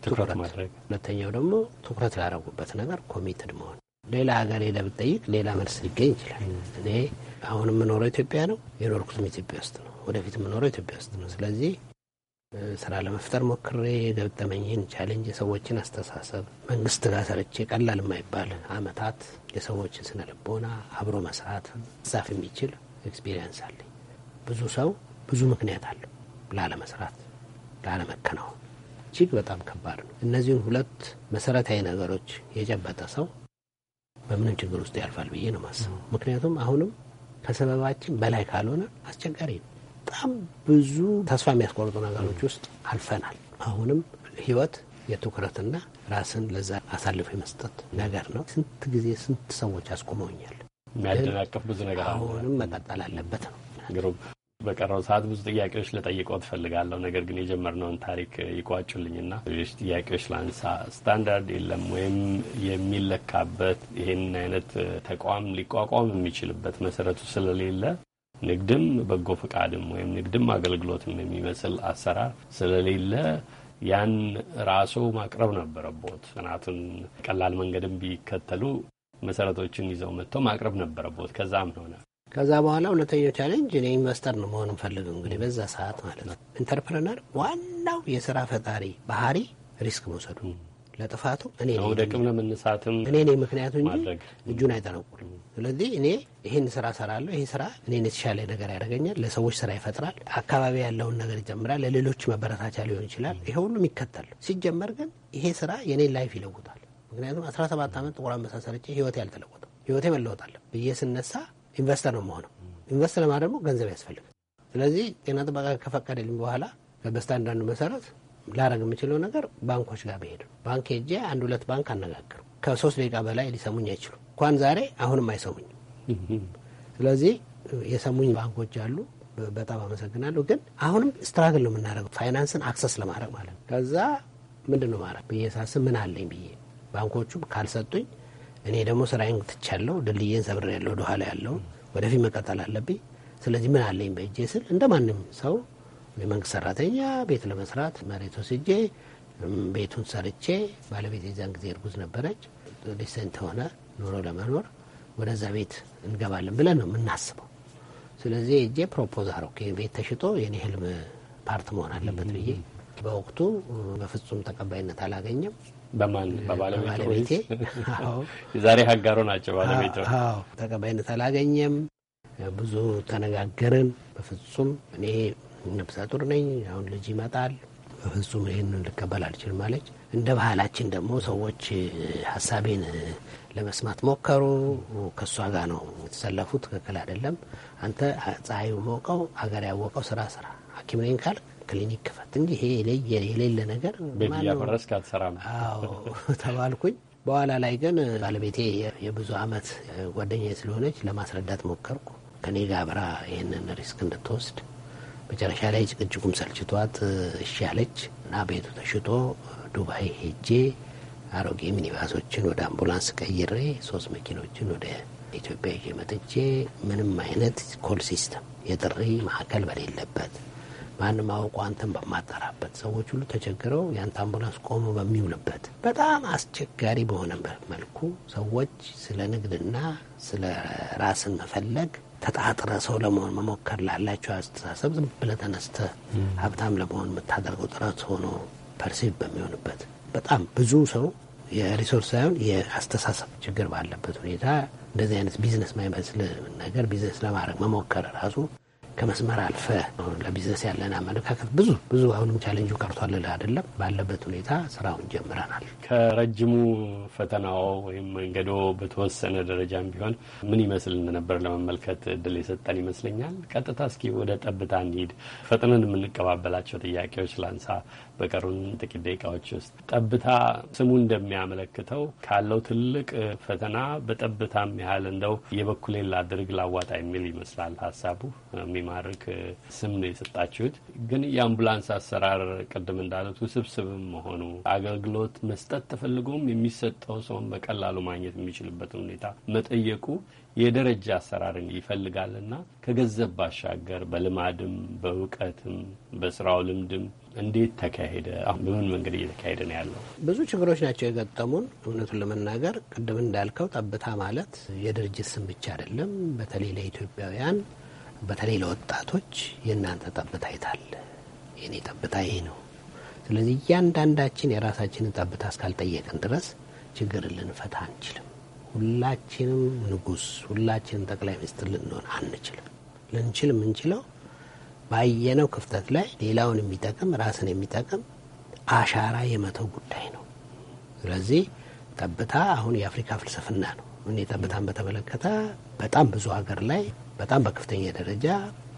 ትኩረት ሁለተኛው ደግሞ ትኩረት ላደረጉበት ነገር ኮሚትድ መሆን። ሌላ ሀገር ሄደህ ብትጠይቅ ሌላ መልስ ሊገኝ ይችላል። እኔ አሁን የምኖረው ኢትዮጵያ ነው፣ የኖርኩትም ኢትዮጵያ ውስጥ ነው፣ ወደፊት የምኖረው ኢትዮጵያ ውስጥ ነው። ስለዚህ ስራ ለመፍጠር ሞክሬ የገጠመኝን ቻሌንጅ፣ የሰዎችን አስተሳሰብ መንግስት ጋር ሰርቼ ቀላል የማይባል አመታት የሰዎችን ስነ ልቦና አብሮ መስራት ጻፍ የሚችል ኤክስፒሪየንስ አለኝ። ብዙ ሰው ብዙ ምክንያት አለው ላለመስራት፣ ላለመከናወን እጅግ በጣም ከባድ ነው። እነዚህን ሁለት መሰረታዊ ነገሮች የጨበጠ ሰው በምንም ችግር ውስጥ ያልፋል ብዬ ነው ማስበው። ምክንያቱም አሁንም ከሰበባችን በላይ ካልሆነ አስቸጋሪ ነው። በጣም ብዙ ተስፋ የሚያስቆርጡ ነገሮች ውስጥ አልፈናል። አሁንም ህይወት የትኩረትና ራስን ለዛ አሳልፎ የመስጠት ነገር ነው። ስንት ጊዜ ስንት ሰዎች አስቁመውኛል? የሚያደናቅፍ ብዙ ነገር አሁንም መቀጠል አለበት ነው። ግሩም በቀረው ሰዓት ብዙ ጥያቄዎች ለጠይቀው ትፈልጋለሁ። ነገር ግን የጀመርነውን ታሪክ ይቋጩልኝና ሌሎች ጥያቄዎች ላንሳ። ስታንዳርድ የለም ወይም የሚለካበት ይህንን አይነት ተቋም ሊቋቋም የሚችልበት መሰረቱ ስለሌለ ንግድም በጎ ፈቃድም ወይም ንግድም አገልግሎትም የሚመስል አሰራር ስለሌለ ያን ራሱ ማቅረብ ነበረቦት። ጥናቱን ቀላል መንገድም ቢከተሉ መሰረቶችን ይዘው መጥቶ ማቅረብ ነበረቦት። ከዛም ሆነ ከዛ በኋላ እውነተኛው ቻሌንጅ እኔ ኢንቨስተር ነው መሆን የምፈልገው እንግዲህ በዛ ሰዓት ማለት ነው። ኢንተርፕረነር ዋናው የስራ ፈጣሪ ባህሪ ሪስክ መውሰዱ ለጥፋቱ እኔ ደቅም ለምንሳትም እኔ ነኝ ምክንያቱ እንጂ እጁን አይጠነቁልም። ስለዚህ እኔ ይህን ስራ ሰራለሁ፣ ይህ ስራ እኔን የተሻለ ነገር ያደርገኛል፣ ለሰዎች ስራ ይፈጥራል፣ አካባቢ ያለውን ነገር ይጨምራል፣ ለሌሎች መበረታቻ ሊሆን ይችላል። ይሄ ሁሉም ይከተል ሲጀመር ግን ይሄ ስራ የኔን ላይፍ ይለውጣል ምክንያቱም ሰባት ዓመት ጥቁር አንበሳ ሰርቼ ህይወቴ አልተለወጠም። ህይወቴ መለወጣለ ብዬ ስነሳ ኢንቨስተር ነው መሆነው። ኢንቨስት ለማድረግ ደግሞ ገንዘብ ያስፈልጋል። ስለዚህ ጤና ጥበቃ ከፈቀደልኝ በኋላ በስታንዳርዱ መሰረት ላረግ የምችለው ነገር ባንኮች ጋር መሄድ ነው። ባንክ ሄጄ አንድ ሁለት ባንክ አነጋገሩ። ከሶስት ደቂቃ በላይ ሊሰሙኝ አይችሉም። እንኳን ዛሬ አሁንም አይሰሙኝም። ስለዚህ የሰሙኝ ባንኮች አሉ። በጣም አመሰግናለሁ። ግን አሁንም ስትራግል ነው የምናደርገው ፋይናንስን አክሰስ ለማድረግ ማለት ነው። ከዛ ምንድን ነው ማድረግ ብዬ ሳስብ ምን አለኝ ብዬ ባንኮቹም ካልሰጡኝ እኔ ደግሞ ስራዬን ትቻለሁ፣ ድልድዬን ሰብር ያለው ወደኋላ ያለው ወደፊት መቀጠል አለብኝ። ስለዚህ ምን አለኝ በእጄ ስል እንደ ማንም ሰው የመንግስት ሰራተኛ ቤት ለመስራት መሬት ወስጄ ቤቱን ሰርቼ ባለቤት የዚያን ጊዜ እርጉዝ ነበረች። ዲሴንት ሆነ ኑሮ ለመኖር ወደዛ ቤት እንገባለን ብለን ነው የምናስበው። ስለዚህ እጄ ፕሮፖዝ አረኩ። ቤት ተሽጦ የኔ ህልም ፓርት መሆን አለበት ብዬ በወቅቱ በፍጹም ተቀባይነት አላገኘም። በማን በባለቤቴ <laughs> የዛሬ ሀጋሮ ናቸው ባለቤት ተቀባይነት አላገኘም። ብዙ ተነጋገርን። በፍጹም እኔ ነፍሰ ጡር ነኝ፣ አሁን ልጅ ይመጣል፣ በፍጹም ይህን ልቀበል አልችልም አለች። እንደ ባህላችን ደግሞ ሰዎች ሀሳቤን ለመስማት ሞከሩ። ከእሷ ጋር ነው የተሰለፉት። ትክክል አይደለም። አንተ ፀሐይ ሞቀው ሀገር ያወቀው ስራ ስራ ሐኪም ነኝ ካልክ ክሊኒክ ክፈት እንጂ ይሄ የሌለ ነገር ያፈረስክ አትሰራም ተባልኩኝ። በኋላ ላይ ግን ባለቤቴ የብዙ አመት ጓደኛ ስለሆነች ለማስረዳት ሞከርኩ ከኔ ጋር አብራ ይህንን ሪስክ እንድትወስድ። መጨረሻ ላይ ጭቅጭቁም ሰልችቷት እሺ አለች እና ቤቱ ተሽጦ ዱባይ ሄጄ አሮጌ ሚኒባሶችን ወደ አምቡላንስ ቀይሬ ሶስት መኪኖችን ወደ ኢትዮጵያ ይዤ መጥቼ ምንም አይነት ኮል ሲስተም የጥሪ ማዕከል በሌለበት ማንም አውቆ አንተን በማጠራበት ሰዎች ሁሉ ተቸግረው ያንተ አምቡላንስ ቆሞ በሚውልበት በጣም አስቸጋሪ በሆነበት መልኩ ሰዎች ስለ ንግድና ስለ ራስን መፈለግ ተጣጥረ ሰው ለመሆን መሞከር ላላቸው አስተሳሰብ ዝም ብለህ ተነስተህ ሀብታም ለመሆን የምታደርገው ጥረት ሆኖ ፐርሲቭ በሚሆንበት በጣም ብዙ ሰው የሪሶርስ ሳይሆን የአስተሳሰብ ችግር ባለበት ሁኔታ እንደዚህ አይነት ቢዝነስ ማይመስል ነገር ቢዝነስ ለማድረግ መሞከር ራሱ ከመስመር አልፈ ለቢዝነስ ያለን አመለካከት ብዙ ብዙ አሁንም ቻለንጁ ቀርቷል አይደለም። ባለበት ሁኔታ ስራውን ጀምረናል። ከረጅሙ ፈተናው ወይም መንገዶ በተወሰነ ደረጃም ቢሆን ምን ይመስል እንደነበር ለመመልከት እድል የሰጠን ይመስለኛል። ቀጥታ እስኪ ወደ ጠብታ እንሂድ። ፈጥነን የምንቀባበላቸው ጥያቄዎች ላንሳ። በቀሩን ጥቂት ደቂቃዎች ውስጥ ጠብታ ስሙ እንደሚያመለክተው ካለው ትልቅ ፈተና በጠብታም ያህል እንደው የበኩሌን ላድርግ ላዋጣ የሚል ይመስላል ሀሳቡ። የሚማርክ ስም ነው የሰጣችሁት። ግን የአምቡላንስ አሰራር ቅድም እንዳሉት ውስብስብም መሆኑ አገልግሎት መስጠት ተፈልጎም የሚሰጠው ሰውን በቀላሉ ማግኘት የሚችልበትን ሁኔታ መጠየቁ የደረጃ አሰራርን ይፈልጋልና ከገንዘብ ባሻገር በልማድም በእውቀትም በስራው ልምድም እንዴት ተካሄደ? አሁን በምን መንገድ እየተካሄደ ነው ያለው? ብዙ ችግሮች ናቸው የገጠሙን። እውነቱን ለመናገር ቅድም እንዳልከው ጠብታ ማለት የድርጅት ስም ብቻ አይደለም። በተለይ ለኢትዮጵያውያን፣ በተለይ ለወጣቶች የእናንተ ጠብታ ይታል የኔ ጠብታ ይሄ ነው። ስለዚህ እያንዳንዳችን የራሳችንን ጠብታ እስካልጠየቅን ድረስ ችግር ልንፈታ አንችልም። ሁላችንም ንጉስ ሁላችንም ጠቅላይ ሚኒስትር ልንሆን አንችልም። ልንችል የምንችለው ባየነው ክፍተት ላይ ሌላውን የሚጠቅም ራስን የሚጠቅም አሻራ የመተው ጉዳይ ነው። ስለዚህ ጠብታ አሁን የአፍሪካ ፍልስፍና ነው። እኔ ጠብታን በተመለከተ በጣም ብዙ ሀገር ላይ በጣም በከፍተኛ ደረጃ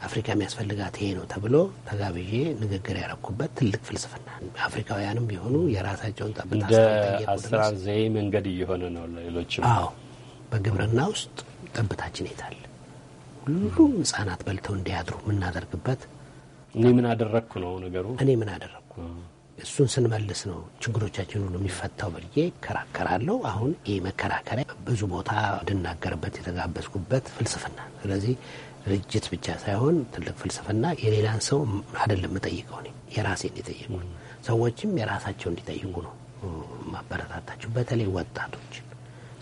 አፍሪካ የሚያስፈልጋት ይሄ ነው ተብሎ ተጋብዤ ንግግር ያረኩበት ትልቅ ፍልስፍና አፍሪካውያንም ቢሆኑ የራሳቸውን ጠብታ መንገድ እየሆነ ነው ለሌሎችም። አዎ በግብርና ውስጥ ጠብታችን የታለ ሁሉ ህጻናት በልተው እንዲያድሩ የምናደርግበት እኔ ምን አደረግኩ ነው ነገሩ። እኔ ምን አደረግኩ እሱን ስንመልስ ነው ችግሮቻችን ሁሉ የሚፈታው ብዬ እከራከራለሁ። አሁን ይህ መከራከሪያ ብዙ ቦታ እንድናገርበት የተጋበዝኩበት ፍልስፍና። ስለዚህ ድርጅት ብቻ ሳይሆን ትልቅ ፍልስፍና የሌላን ሰው አይደለም የምጠይቀው እኔ የራሴን የጠየቁ ሰዎችም የራሳቸው እንዲጠይቁ ነው ማበረታታቸው። በተለይ ወጣቶች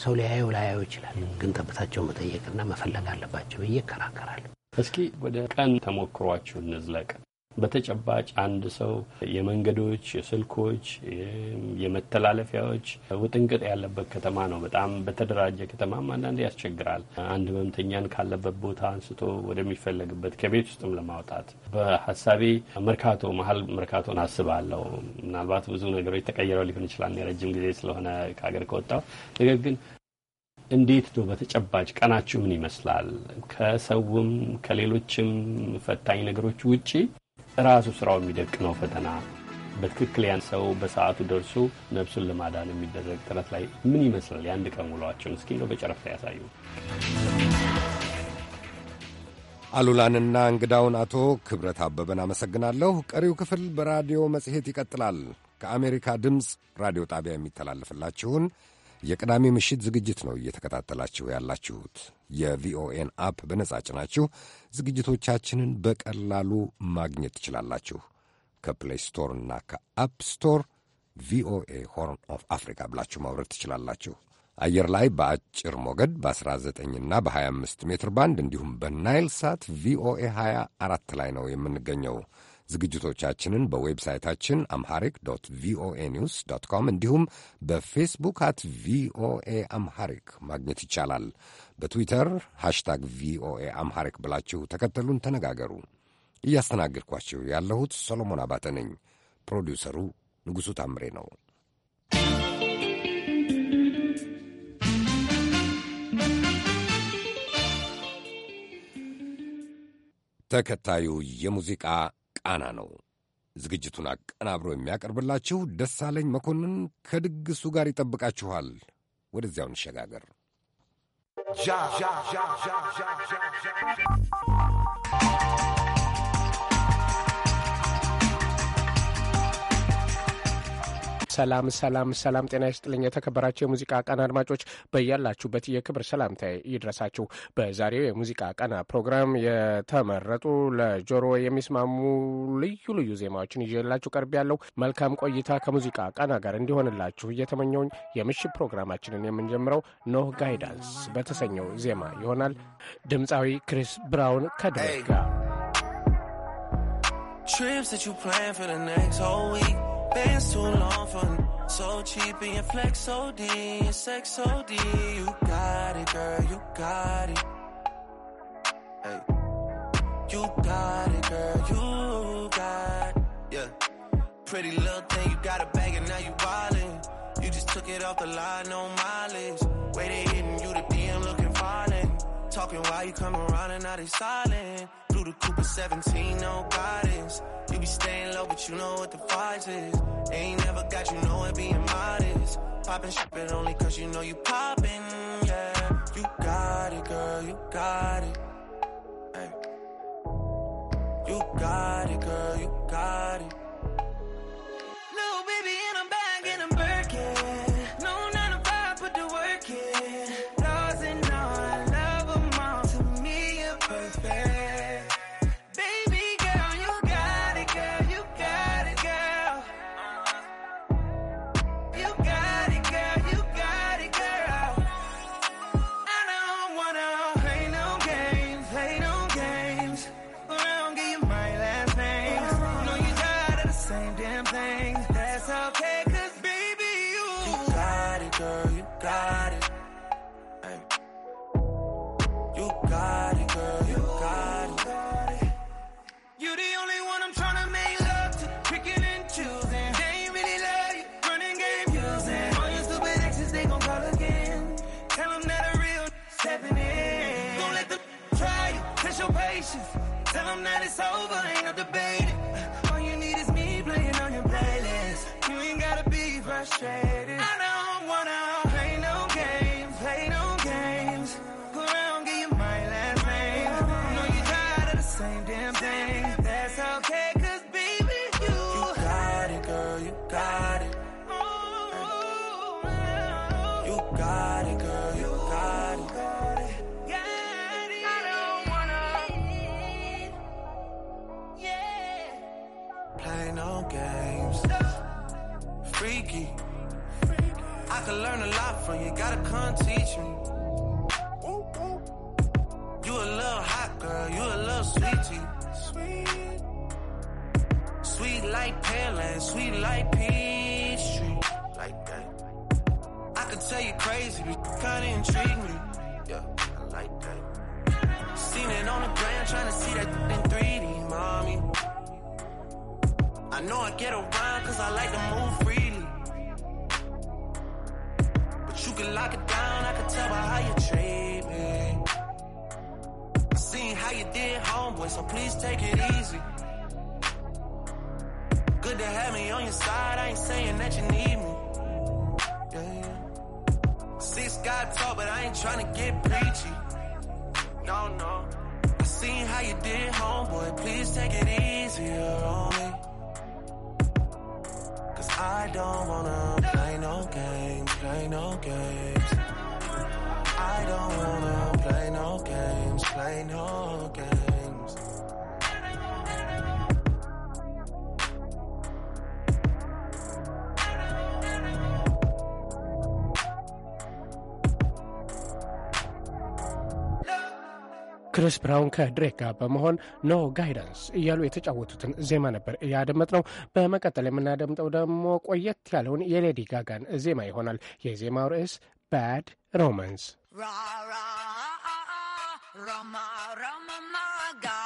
ሰው ሊያየው ላያየው ይችላል፣ ግን ጠብታቸው መጠየቅና መፈለግ አለባቸው ብዬ እከራከራለሁ። እስኪ ወደ ቀን ተሞክሯችሁ እንዝለቅ። በተጨባጭ አንድ ሰው የመንገዶች፣ የስልኮች፣ የመተላለፊያዎች ውጥንቅጥ ያለበት ከተማ ነው። በጣም በተደራጀ ከተማም አንዳንድ ያስቸግራል። አንድ ህመምተኛን ካለበት ቦታ አንስቶ ወደሚፈለግበት ከቤት ውስጥም ለማውጣት በሀሳቤ መርካቶ መሀል መርካቶን አስባለሁ። ምናልባት ብዙ ነገሮች ተቀይረው ሊሆን ይችላል የረጅም ጊዜ ስለሆነ ከሀገር ከወጣው ነገር ግን እንዴት ነው በተጨባጭ ቀናችሁ ምን ይመስላል? ከሰውም ከሌሎችም ፈታኝ ነገሮች ውጪ ራሱ ስራው የሚደቅነው ፈተና በትክክል ያን ሰው በሰዓቱ ደርሶ ነፍሱን ለማዳን የሚደረግ ጥረት ላይ ምን ይመስላል? የአንድ ቀን ውሏቸውን እስኪ ነው በጨረፍታ ያሳዩ። አሉላንና እንግዳውን አቶ ክብረት አበበን አመሰግናለሁ። ቀሪው ክፍል በራዲዮ መጽሔት ይቀጥላል። ከአሜሪካ ድምፅ ራዲዮ ጣቢያ የሚተላለፍላችሁን የቅዳሜ ምሽት ዝግጅት ነው እየተከታተላችሁ ያላችሁት። የቪኦኤን አፕ በነጻ ጭናችሁ ዝግጅቶቻችንን በቀላሉ ማግኘት ትችላላችሁ። ከፕሌይ ስቶር እና ከአፕ ስቶር ቪኦኤ ሆርን ኦፍ አፍሪካ ብላችሁ ማውረድ ትችላላችሁ። አየር ላይ በአጭር ሞገድ በ 19 እና በ25 ሜትር ባንድ እንዲሁም በናይል ሳት ቪኦኤ 24 ላይ ነው የምንገኘው። ዝግጅቶቻችንን በዌብሳይታችን አምሃሪክ ዶት ቪኦኤ ኒውስ ዶት ኮም እንዲሁም በፌስቡክ አት ቪኦኤ አምሃሪክ ማግኘት ይቻላል። በትዊተር ሃሽታግ ቪኦኤ አምሃሪክ ብላችሁ ተከተሉን፣ ተነጋገሩ። እያስተናገድኳችሁ ያለሁት ሰሎሞን አባተ ነኝ። ፕሮዲውሰሩ ንጉሡ ታምሬ ነው። ተከታዩ የሙዚቃ ቃና ነው። ዝግጅቱን አቀናብሮ የሚያቀርብላችሁ ደሳለኝ መኮንን ከድግሱ ጋር ይጠብቃችኋል። ወደዚያው እንሸጋገር። ሰላም ሰላም ሰላም፣ ጤና ይስጥልኝ። የተከበራቸው የሙዚቃ ቀን አድማጮች በያላችሁበት የክብር ሰላምታ ይድረሳችሁ። በዛሬው የሙዚቃ ቀና ፕሮግራም የተመረጡ ለጆሮ የሚስማሙ ልዩ ልዩ ዜማዎችን ይዤላችሁ ቀርብ ያለው መልካም ቆይታ ከሙዚቃ ቀና ጋር እንዲሆንላችሁ እየተመኘውኝ የምሽት ፕሮግራማችንን የምንጀምረው ኖህ ጋይዳንስ በተሰኘው ዜማ ይሆናል። ድምፃዊ ክሪስ ብራውን ከድሬክ ጋር Trips that you plan for the next whole week Been too long for so cheap and flex OD, your sex OD. You got it, girl, you got it. Hey, you got it, girl, you got it. Yeah, pretty little thing, you got a bag and now you wildin'. You just took it off the line, no mileage. Way they hitting you, the DM looking violent. Talking while you come around and now they silent the Cooper 17, no guidance. You be staying low, but you know what the fight is. Ain't never got you know it being modest. Poppin' shit, but only cause you know you poppin', yeah. You got it, girl, you got it. Hey. You got it, girl, you got it. Little baby, and I'm back. lock it down, I can tell by how you treat me. I seen how you did, homeboy, so please take it easy. Good to have me on your side, I ain't saying that you need me. Yeah, yeah. Six got talk, but I ain't trying to get preachy. No, no. I seen how you did, homeboy, please take it easier on me. Cause I don't wanna play no games, play no games. play no games, play no games. ክሪስ ብራውን ከድሬክ ጋር በመሆን ኖ ጋይዳንስ እያሉ የተጫወቱትን ዜማ ነበር እያደመጥ ነው። በመቀጠል የምናደምጠው ደግሞ ቆየት ያለውን የሌዲ ጋጋን ዜማ ይሆናል። የዜማው ርዕስ ባድ ሮማንስ Ra ra ah, ah ah, rama rama ma ga.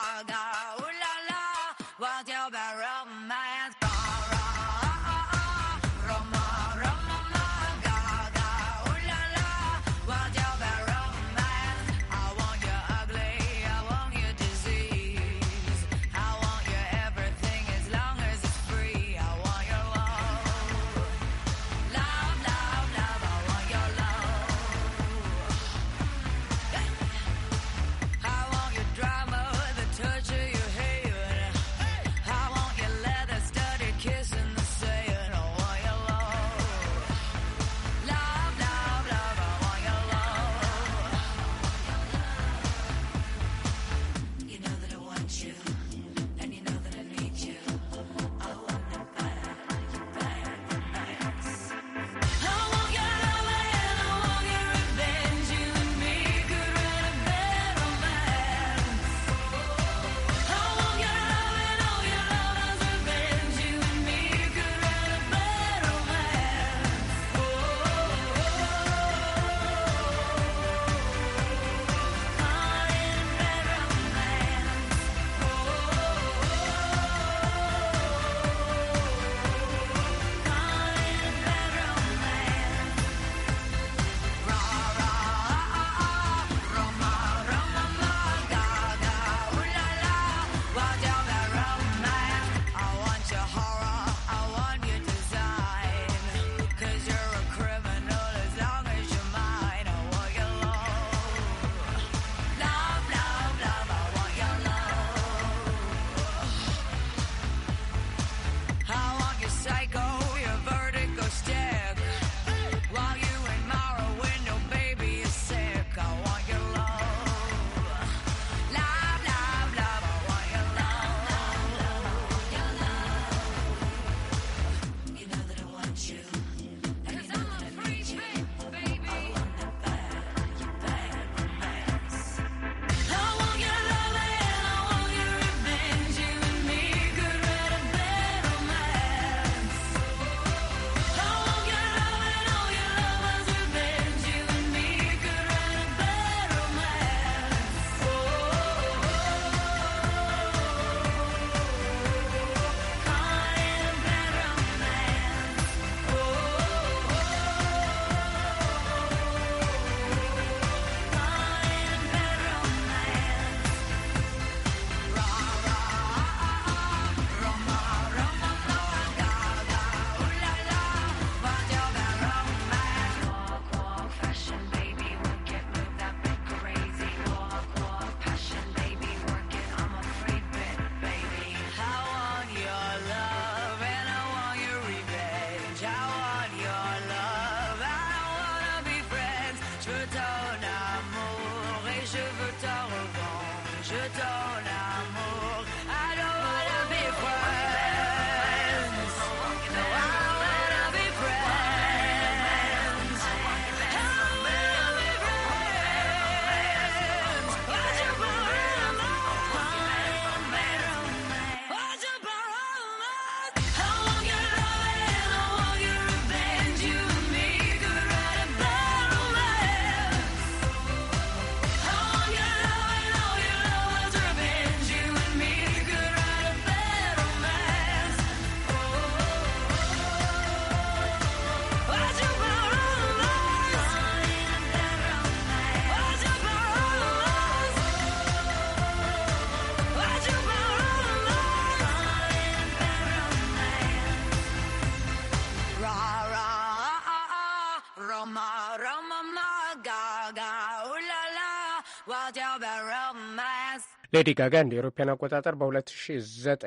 ሌዲ ጋጋ እንደ ኤሮፓያን አቆጣጠር በ2009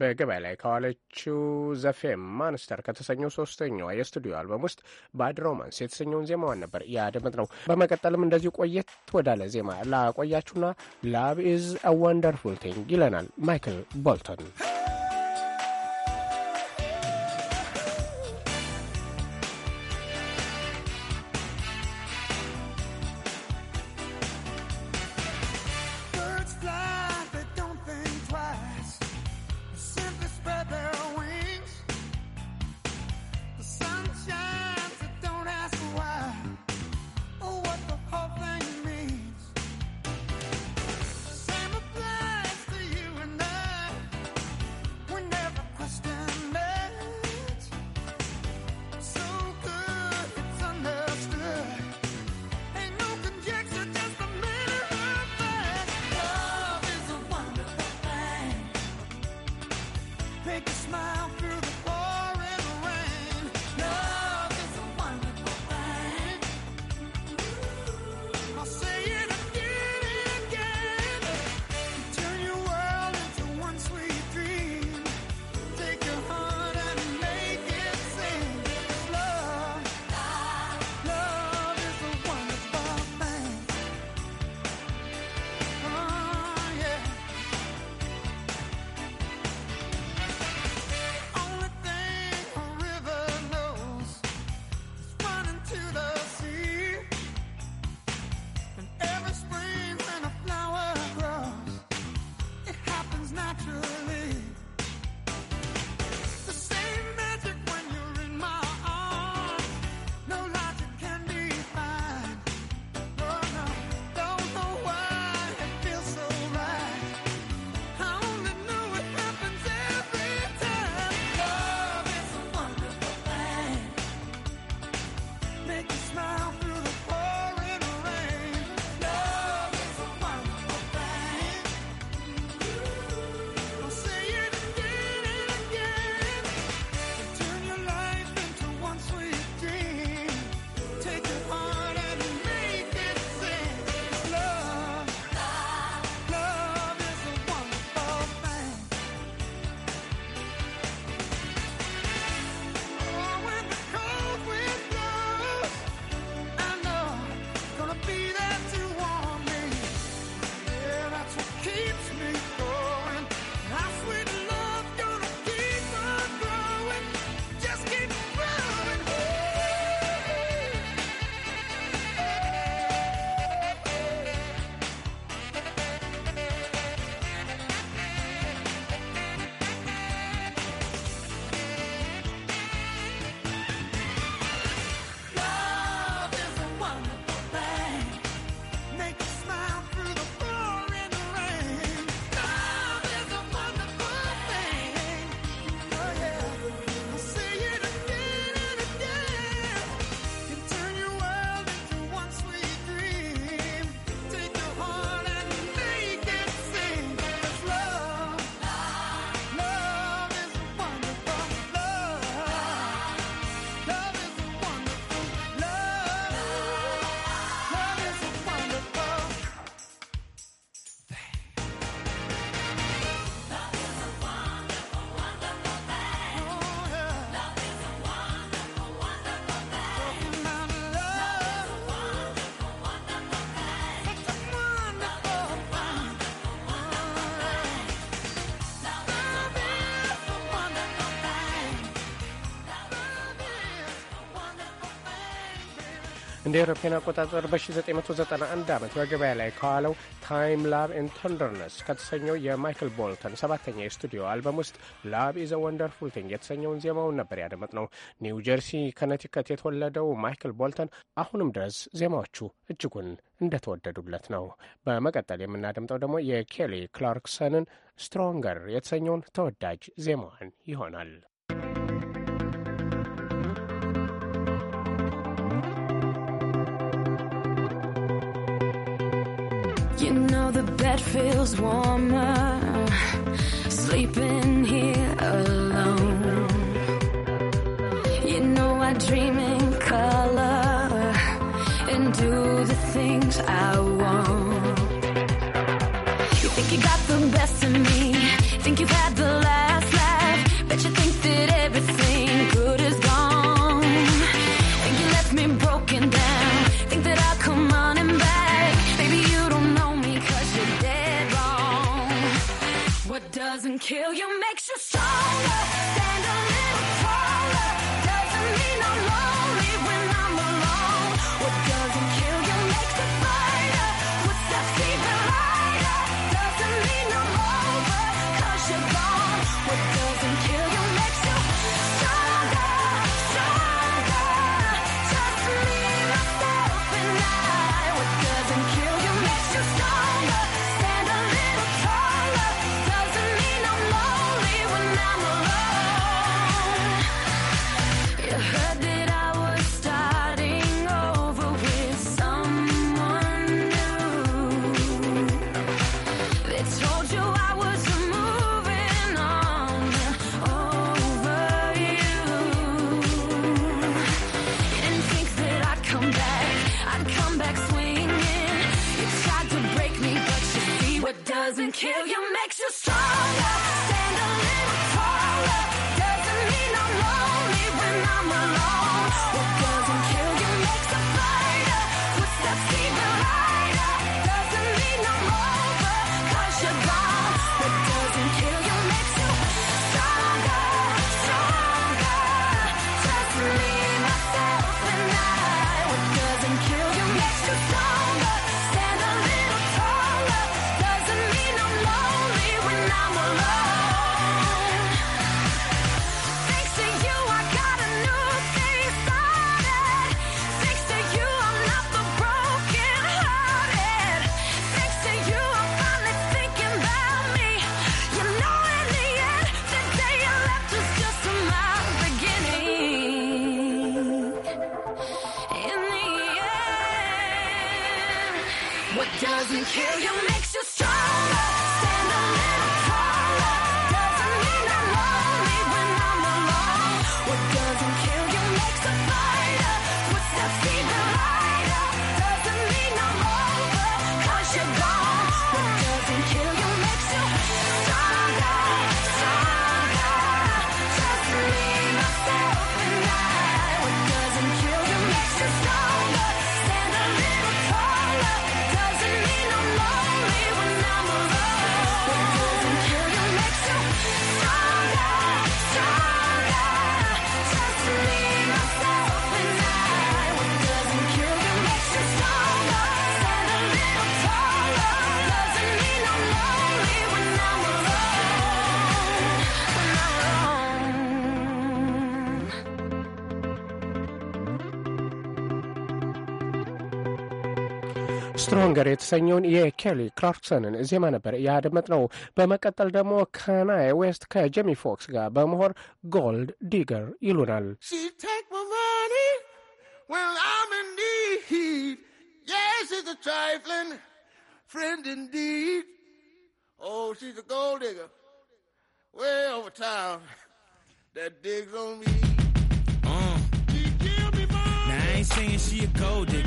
በገበያ ላይ ከዋለችው ዘፌ ማንስተር ከተሰኘው ሶስተኛዋ የስቱዲዮ አልበም ውስጥ ባድ ሮማንስ የተሰኘውን ዜማዋን ነበር ያደመጥ ነው። በመቀጠልም እንደዚሁ ቆየት ወዳለ ዜማ ላቆያችሁና ላቭ ኢዝ አ ወንደርፉል ቲንግ ይለናል ማይክል ቦልቶን። እንደ ኤሮፓን አቆጣጠር በ1991 ዓመት በገበያ ላይ ከዋለው ታይም ላቭ ኤን ተንደርነስ ከተሰኘው የማይክል ቦልተን ሰባተኛ የስቱዲዮ አልበም ውስጥ ላቭ ኢዘ ወንደርፉል ቲንግ የተሰኘውን ዜማውን ነበር ያደመጥ ነው። ኒው ጀርሲ ከነቲከት የተወለደው ማይክል ቦልተን አሁንም ድረስ ዜማዎቹ እጅጉን እንደተወደዱለት ነው። በመቀጠል የምናደምጠው ደግሞ የኬሊ ክላርክሰንን ስትሮንገር የተሰኘውን ተወዳጅ ዜማዋን ይሆናል። feels warmer kill you makes you stronger. ሎንገር የተሰኘውን የኬሊ ክላርክሰንን ዜማ ነበር ያደመጥነው። በመቀጠል ደግሞ ካናይ ዌስት ከጀሚ ፎክስ ጋር በመሆን ጎልድ ዲገር ይሉናል። Now I ain't saying she a gold digger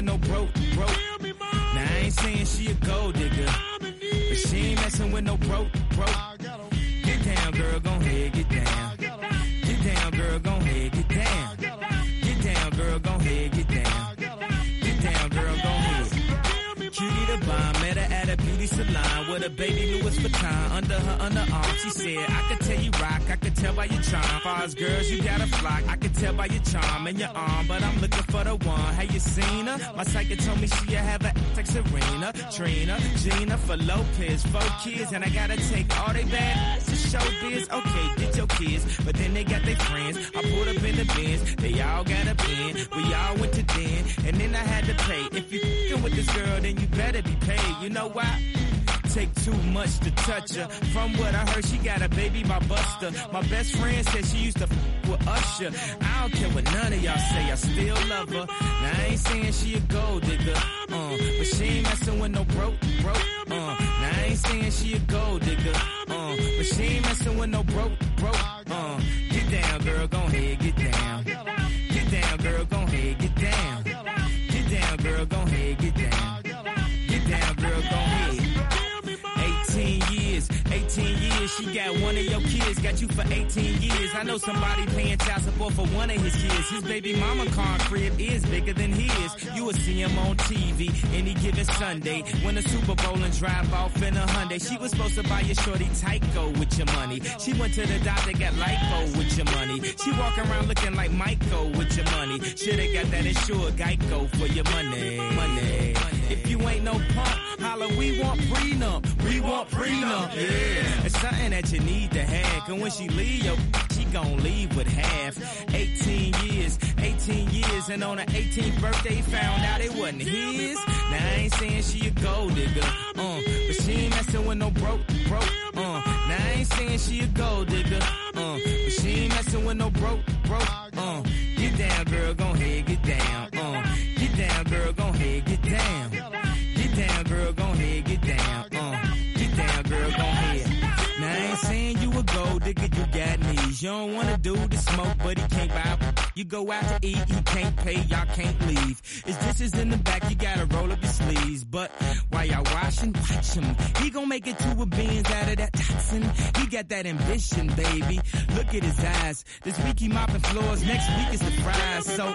with no broke, broke. Now I ain't saying she a gold digger, but she ain't messing with no broke, broke. Get down, girl, gon' head, get down. line with a baby Louis Vuitton under her underarm. She said, I could tell you rock, I could tell by your charm. Far girls, you got a flock. I could tell by your charm and your arm, but I'm looking for the one. Have you seen her? My psychic told me she have a like Serena, Trina, Gina for Lopez, four kids, and I gotta take all they back to show biz. Okay, get your kids, but then they got their friends. I pulled up in the bins, they all got a bin. We all went to den, and then I had to pay. If you with this girl, then you better be paid. You know why? take too much to touch her. From what I heard, she got a baby by Buster. My best friend said she used to f with Usher. I don't care what none of y'all say, I still love her. Now I ain't saying she a gold digger, uh, but she ain't messing with no broke, broke, uh. Now I ain't saying she a gold digger, uh, but she ain't messing with no broke, broke, uh. Get down, girl, go ahead, get 18 years. She got one of your kids, got you for 18 years. I know somebody paying child support for one of his kids. His baby mama car crib is bigger than his. You will see him on TV any given Sunday. Win a Super Bowl and drive off in a Hyundai. She was supposed to buy your shorty Tyco with your money. She went to the doctor, got Lyco with your money. She walk around looking like Michael with your money. Should've got that insured Geico for your money. Money. money. If you ain't no punk, holla, we want prenup. We want prenup, yeah. It's something that you need to have. And when she leave, yo, she gon' leave with half. 18 years, 18 years, and on her 18th birthday, found out it wasn't his. Now I ain't saying she a gold digger, uh, but she ain't messing with no broke, broke, uh. Now I ain't saying she a gold digger, uh, but she ain't messing with no broke, broke, uh. Get down, girl, gon' head, get down. Cause you don't want to do the smoke, but he can't buy. You go out to eat, he can't pay, y'all can't leave. His dishes in the back, you gotta roll up your sleeves. But while y'all washing, watch him. He gon' make it to a beans out of that toxin. He got that ambition, baby. Look at his eyes. This week he mopping floors, next week is the fries. So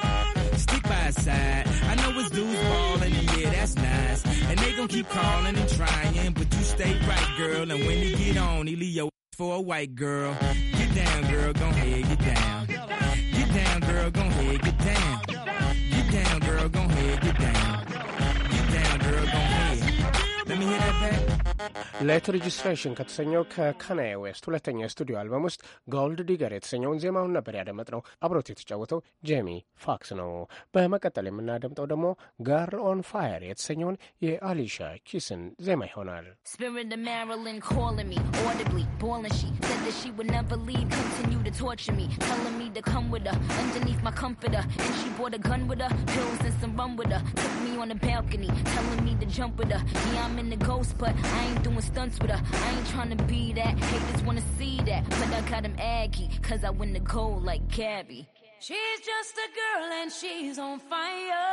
stick by his side. I know his dudes ballin', and yeah, that's nice. And they gon' keep calling and trying, but you stay right, girl. And when he get on, he leave your for a white girl. Get down, girl, gon' head, get down. Get down, girl, gon' head, get down. Get down, girl, gon' head, get down. Get down, girl, gon' head. Let me hear that back. ሌት ሬጂስትሬሽን ከተሰኘው ከካናዬ ዌስት ሁለተኛ የስቱዲዮ አልበም ውስጥ ጎልድ ዲገር የተሰኘውን ዜማውን ነበር ያደመጥነው። አብሮት የተጫወተው ጄሚ ፋክስ ነው። በመቀጠል የምናደምጠው ደግሞ ገርል ኦን ፋየር የተሰኘውን የአሊሻ ኪስን ዜማ ይሆናል። Pills and some rum with her. Took me on the balcony, telling me to jump with her. Yeah, I'm in the ghost, but I ain't ain't doing stunts with her. I ain't trying to be that. Haters wanna see that. But I got him Aggie, cause I win the gold like Gabby. She's just a girl and she's on fire.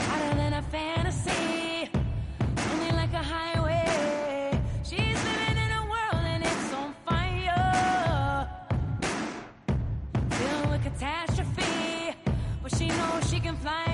Hotter than a fantasy, like a highway. She's living in a world and it's on fire. with catastrophe, but she knows she can fly.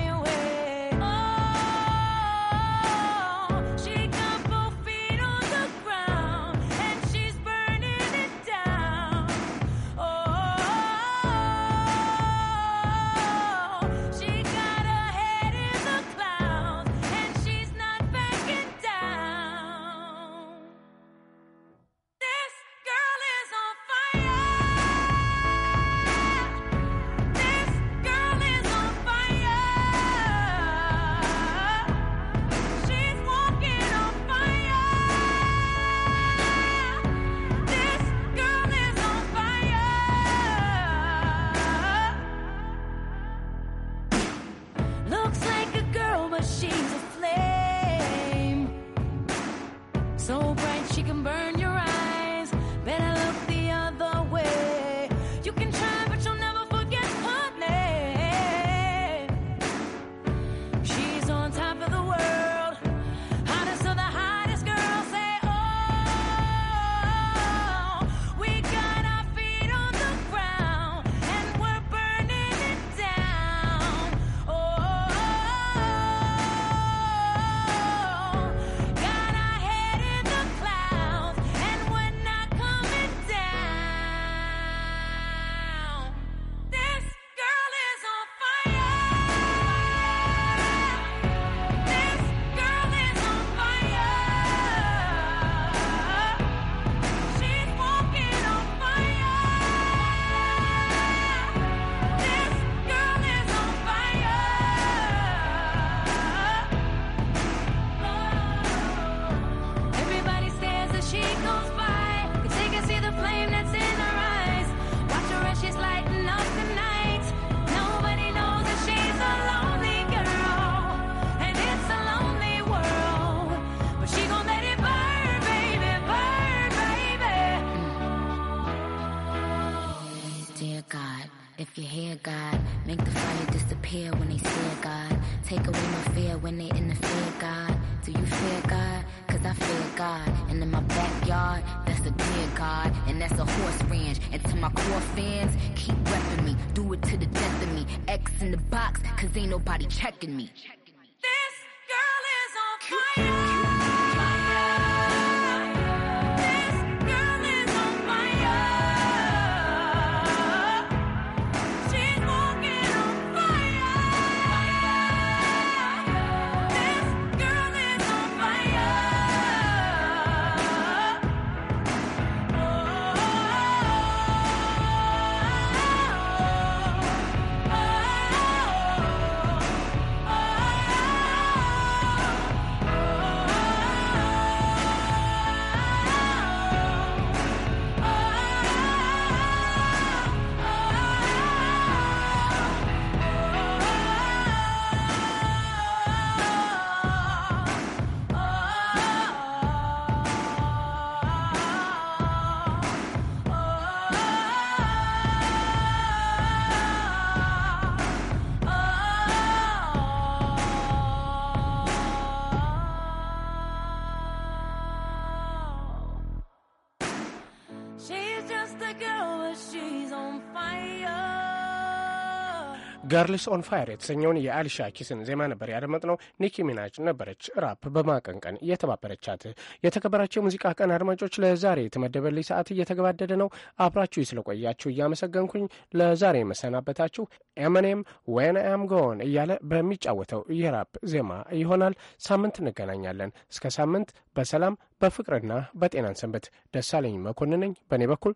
ጋርልስ ኦን ፋየር የተሰኘውን የአሊሻ ኪስን ዜማ ነበር ያደመጥነው። ኒኪ ሚናጅ ነበረች ራፕ በማቀንቀን እየተባበረቻት። የተከበራቸው የሙዚቃ ቀን አድማጮች፣ ለዛሬ የተመደበልኝ ሰዓት እየተገባደደ ነው። አብራችሁ ስለቆያችሁ እያመሰገንኩኝ ለዛሬ መሰናበታችሁ ኤምኔም ዌን አም ጎን እያለ በሚጫወተው የራፕ ዜማ ይሆናል። ሳምንት እንገናኛለን። እስከ ሳምንት በሰላም በፍቅርና በጤናን ሰንበት። ደሳለኝ መኮንን ነኝ። በእኔ በኩል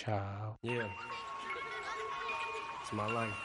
ቻው። It's my life.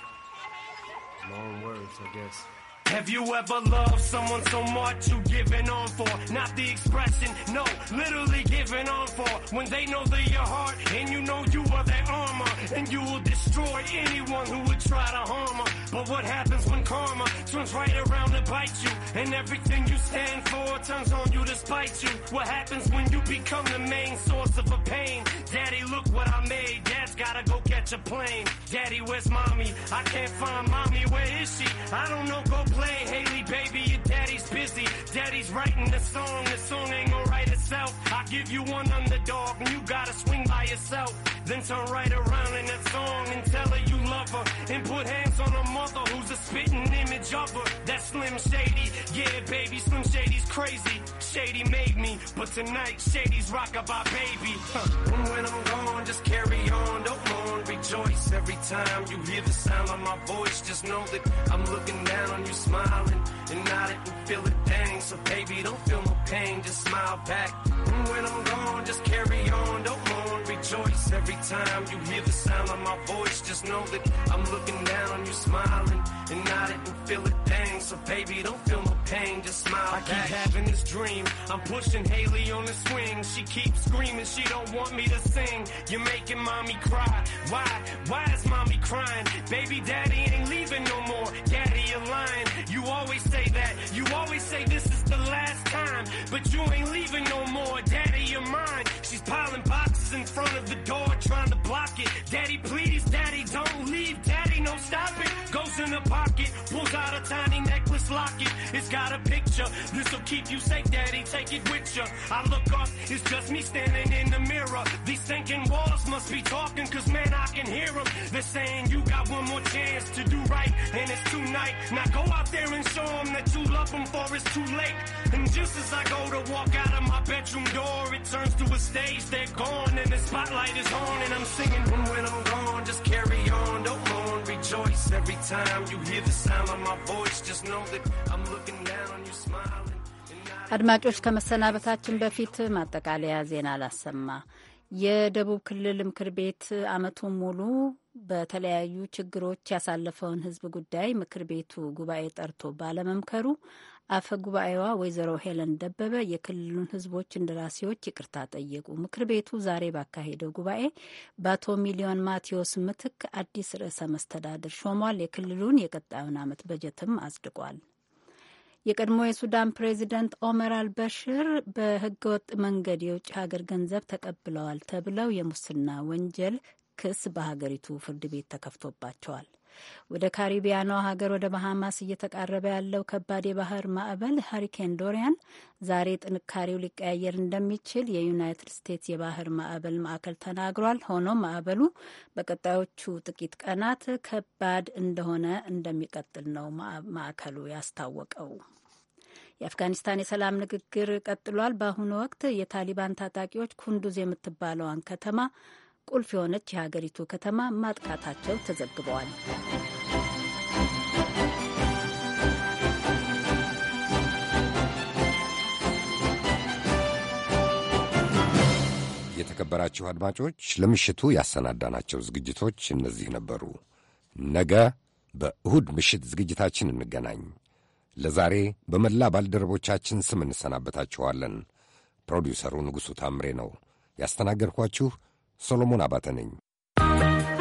Long words, I guess. Have you ever loved someone so much you giving on for? Not the expression, no, literally giving on for. When they know they're your heart and you know you are their armor, and you will destroy anyone who would try to harm her. But what happens when karma turns right around to bite you, and everything you stand for turns on you to spite you? What happens when you become the main source of a pain? Daddy, look what I made. Dad's gotta go catch a plane. Daddy, where's mommy? I can't find mommy. Where is she? I don't know. Go play play, Haley, baby, your daddy's busy. Daddy's writing the song, the song ain't gonna write itself. I give you one underdog and you gotta swing by yourself. Then turn right around in that song and tell her you love her. And put hands on her mother who's a spitting image of her. That Slim Shady. Yeah, baby, Slim Shady's crazy. Shady made me. But tonight, Shady's rockabye baby. Huh. And when I'm gone, just carry on. Don't mourn, rejoice. Every time you hear the sound of my voice, just know that I'm looking down on you smiling. And nodding and feel a thing. So baby, don't feel no pain. Just smile back when I'm gone, just carry on, don't mourn, rejoice. Every time you hear the sound of my voice, just know that I'm looking down on you, smiling. And I didn't feel a thing, so baby, don't feel no pain, just smile. I back. keep having this dream, I'm pushing Haley on the swing. She keeps screaming, she don't want me to sing. You're making mommy cry. Why? Why is mommy crying? Baby, daddy ain't leaving no more. Daddy, you're lying. You always say that. You always say this last time. But you ain't leaving no more, daddy, you're mine. She's piling boxes in front of the door, trying to block it. Daddy, please, daddy, don't leave, daddy, no stop it. Goes in the pocket, pulls out a tiny necklace locket. It's got a picture This'll keep you safe, daddy, take it with ya. I look up, it's just me standing in the mirror. These thinking walls must be talking, cause man, I can hear them. They're saying you got one more chance to do right, and it's tonight. Now go out there and show them that you love them, for it's too late. And just as I go to walk out of my bedroom door, it turns to a stage, they're gone, and the spotlight is on, and I'm singing when, when I'm gone, just carry on, don't mourn, rejoice every time you hear the sound of my voice, just know that I'm looking down on you. አድማጮች ከመሰናበታችን በፊት ማጠቃለያ ዜና አላሰማ። የደቡብ ክልል ምክር ቤት አመቱን ሙሉ በተለያዩ ችግሮች ያሳለፈውን ህዝብ ጉዳይ ምክር ቤቱ ጉባኤ ጠርቶ ባለመምከሩ አፈ ጉባኤዋ ወይዘሮ ሄለን ደበበ የክልሉን ህዝቦች እንደራሴዎች ይቅርታ ጠየቁ። ምክር ቤቱ ዛሬ ባካሄደው ጉባኤ በአቶ ሚሊዮን ማቴዎስ ምትክ አዲስ ርዕሰ መስተዳድር ሾሟል። የክልሉን የቀጣዩን አመት በጀትም አጽድቋል። የቀድሞ የሱዳን ፕሬዚደንት ኦመር አልበሽር በህገወጥ መንገድ የውጭ ሀገር ገንዘብ ተቀብለዋል ተብለው የሙስና ወንጀል ክስ በሀገሪቱ ፍርድ ቤት ተከፍቶባቸዋል። ወደ ካሪቢያኗ ሀገር ወደ ባሃማስ እየተቃረበ ያለው ከባድ የባህር ማዕበል ሀሪኬን ዶሪያን ዛሬ ጥንካሬው ሊቀያየር እንደሚችል የዩናይትድ ስቴትስ የባህር ማዕበል ማዕከል ተናግሯል። ሆኖም ማዕበሉ በቀጣዮቹ ጥቂት ቀናት ከባድ እንደሆነ እንደሚቀጥል ነው ማዕከሉ ያስታወቀው። የአፍጋኒስታን የሰላም ንግግር ቀጥሏል። በአሁኑ ወቅት የታሊባን ታጣቂዎች ኩንዱዝ የምትባለዋን ከተማ ቁልፍ የሆነች የሀገሪቱ ከተማ ማጥቃታቸው ተዘግበዋል። የተከበራችሁ አድማጮች ለምሽቱ ያሰናዳናቸው ዝግጅቶች እነዚህ ነበሩ። ነገ በእሁድ ምሽት ዝግጅታችን እንገናኝ። ለዛሬ በመላ ባልደረቦቻችን ስም እንሰናበታችኋለን። ፕሮዲውሰሩ ንጉሡ ታምሬ ነው ያስተናገድኳችሁ። ሰሎሞን አባተ ነኝ።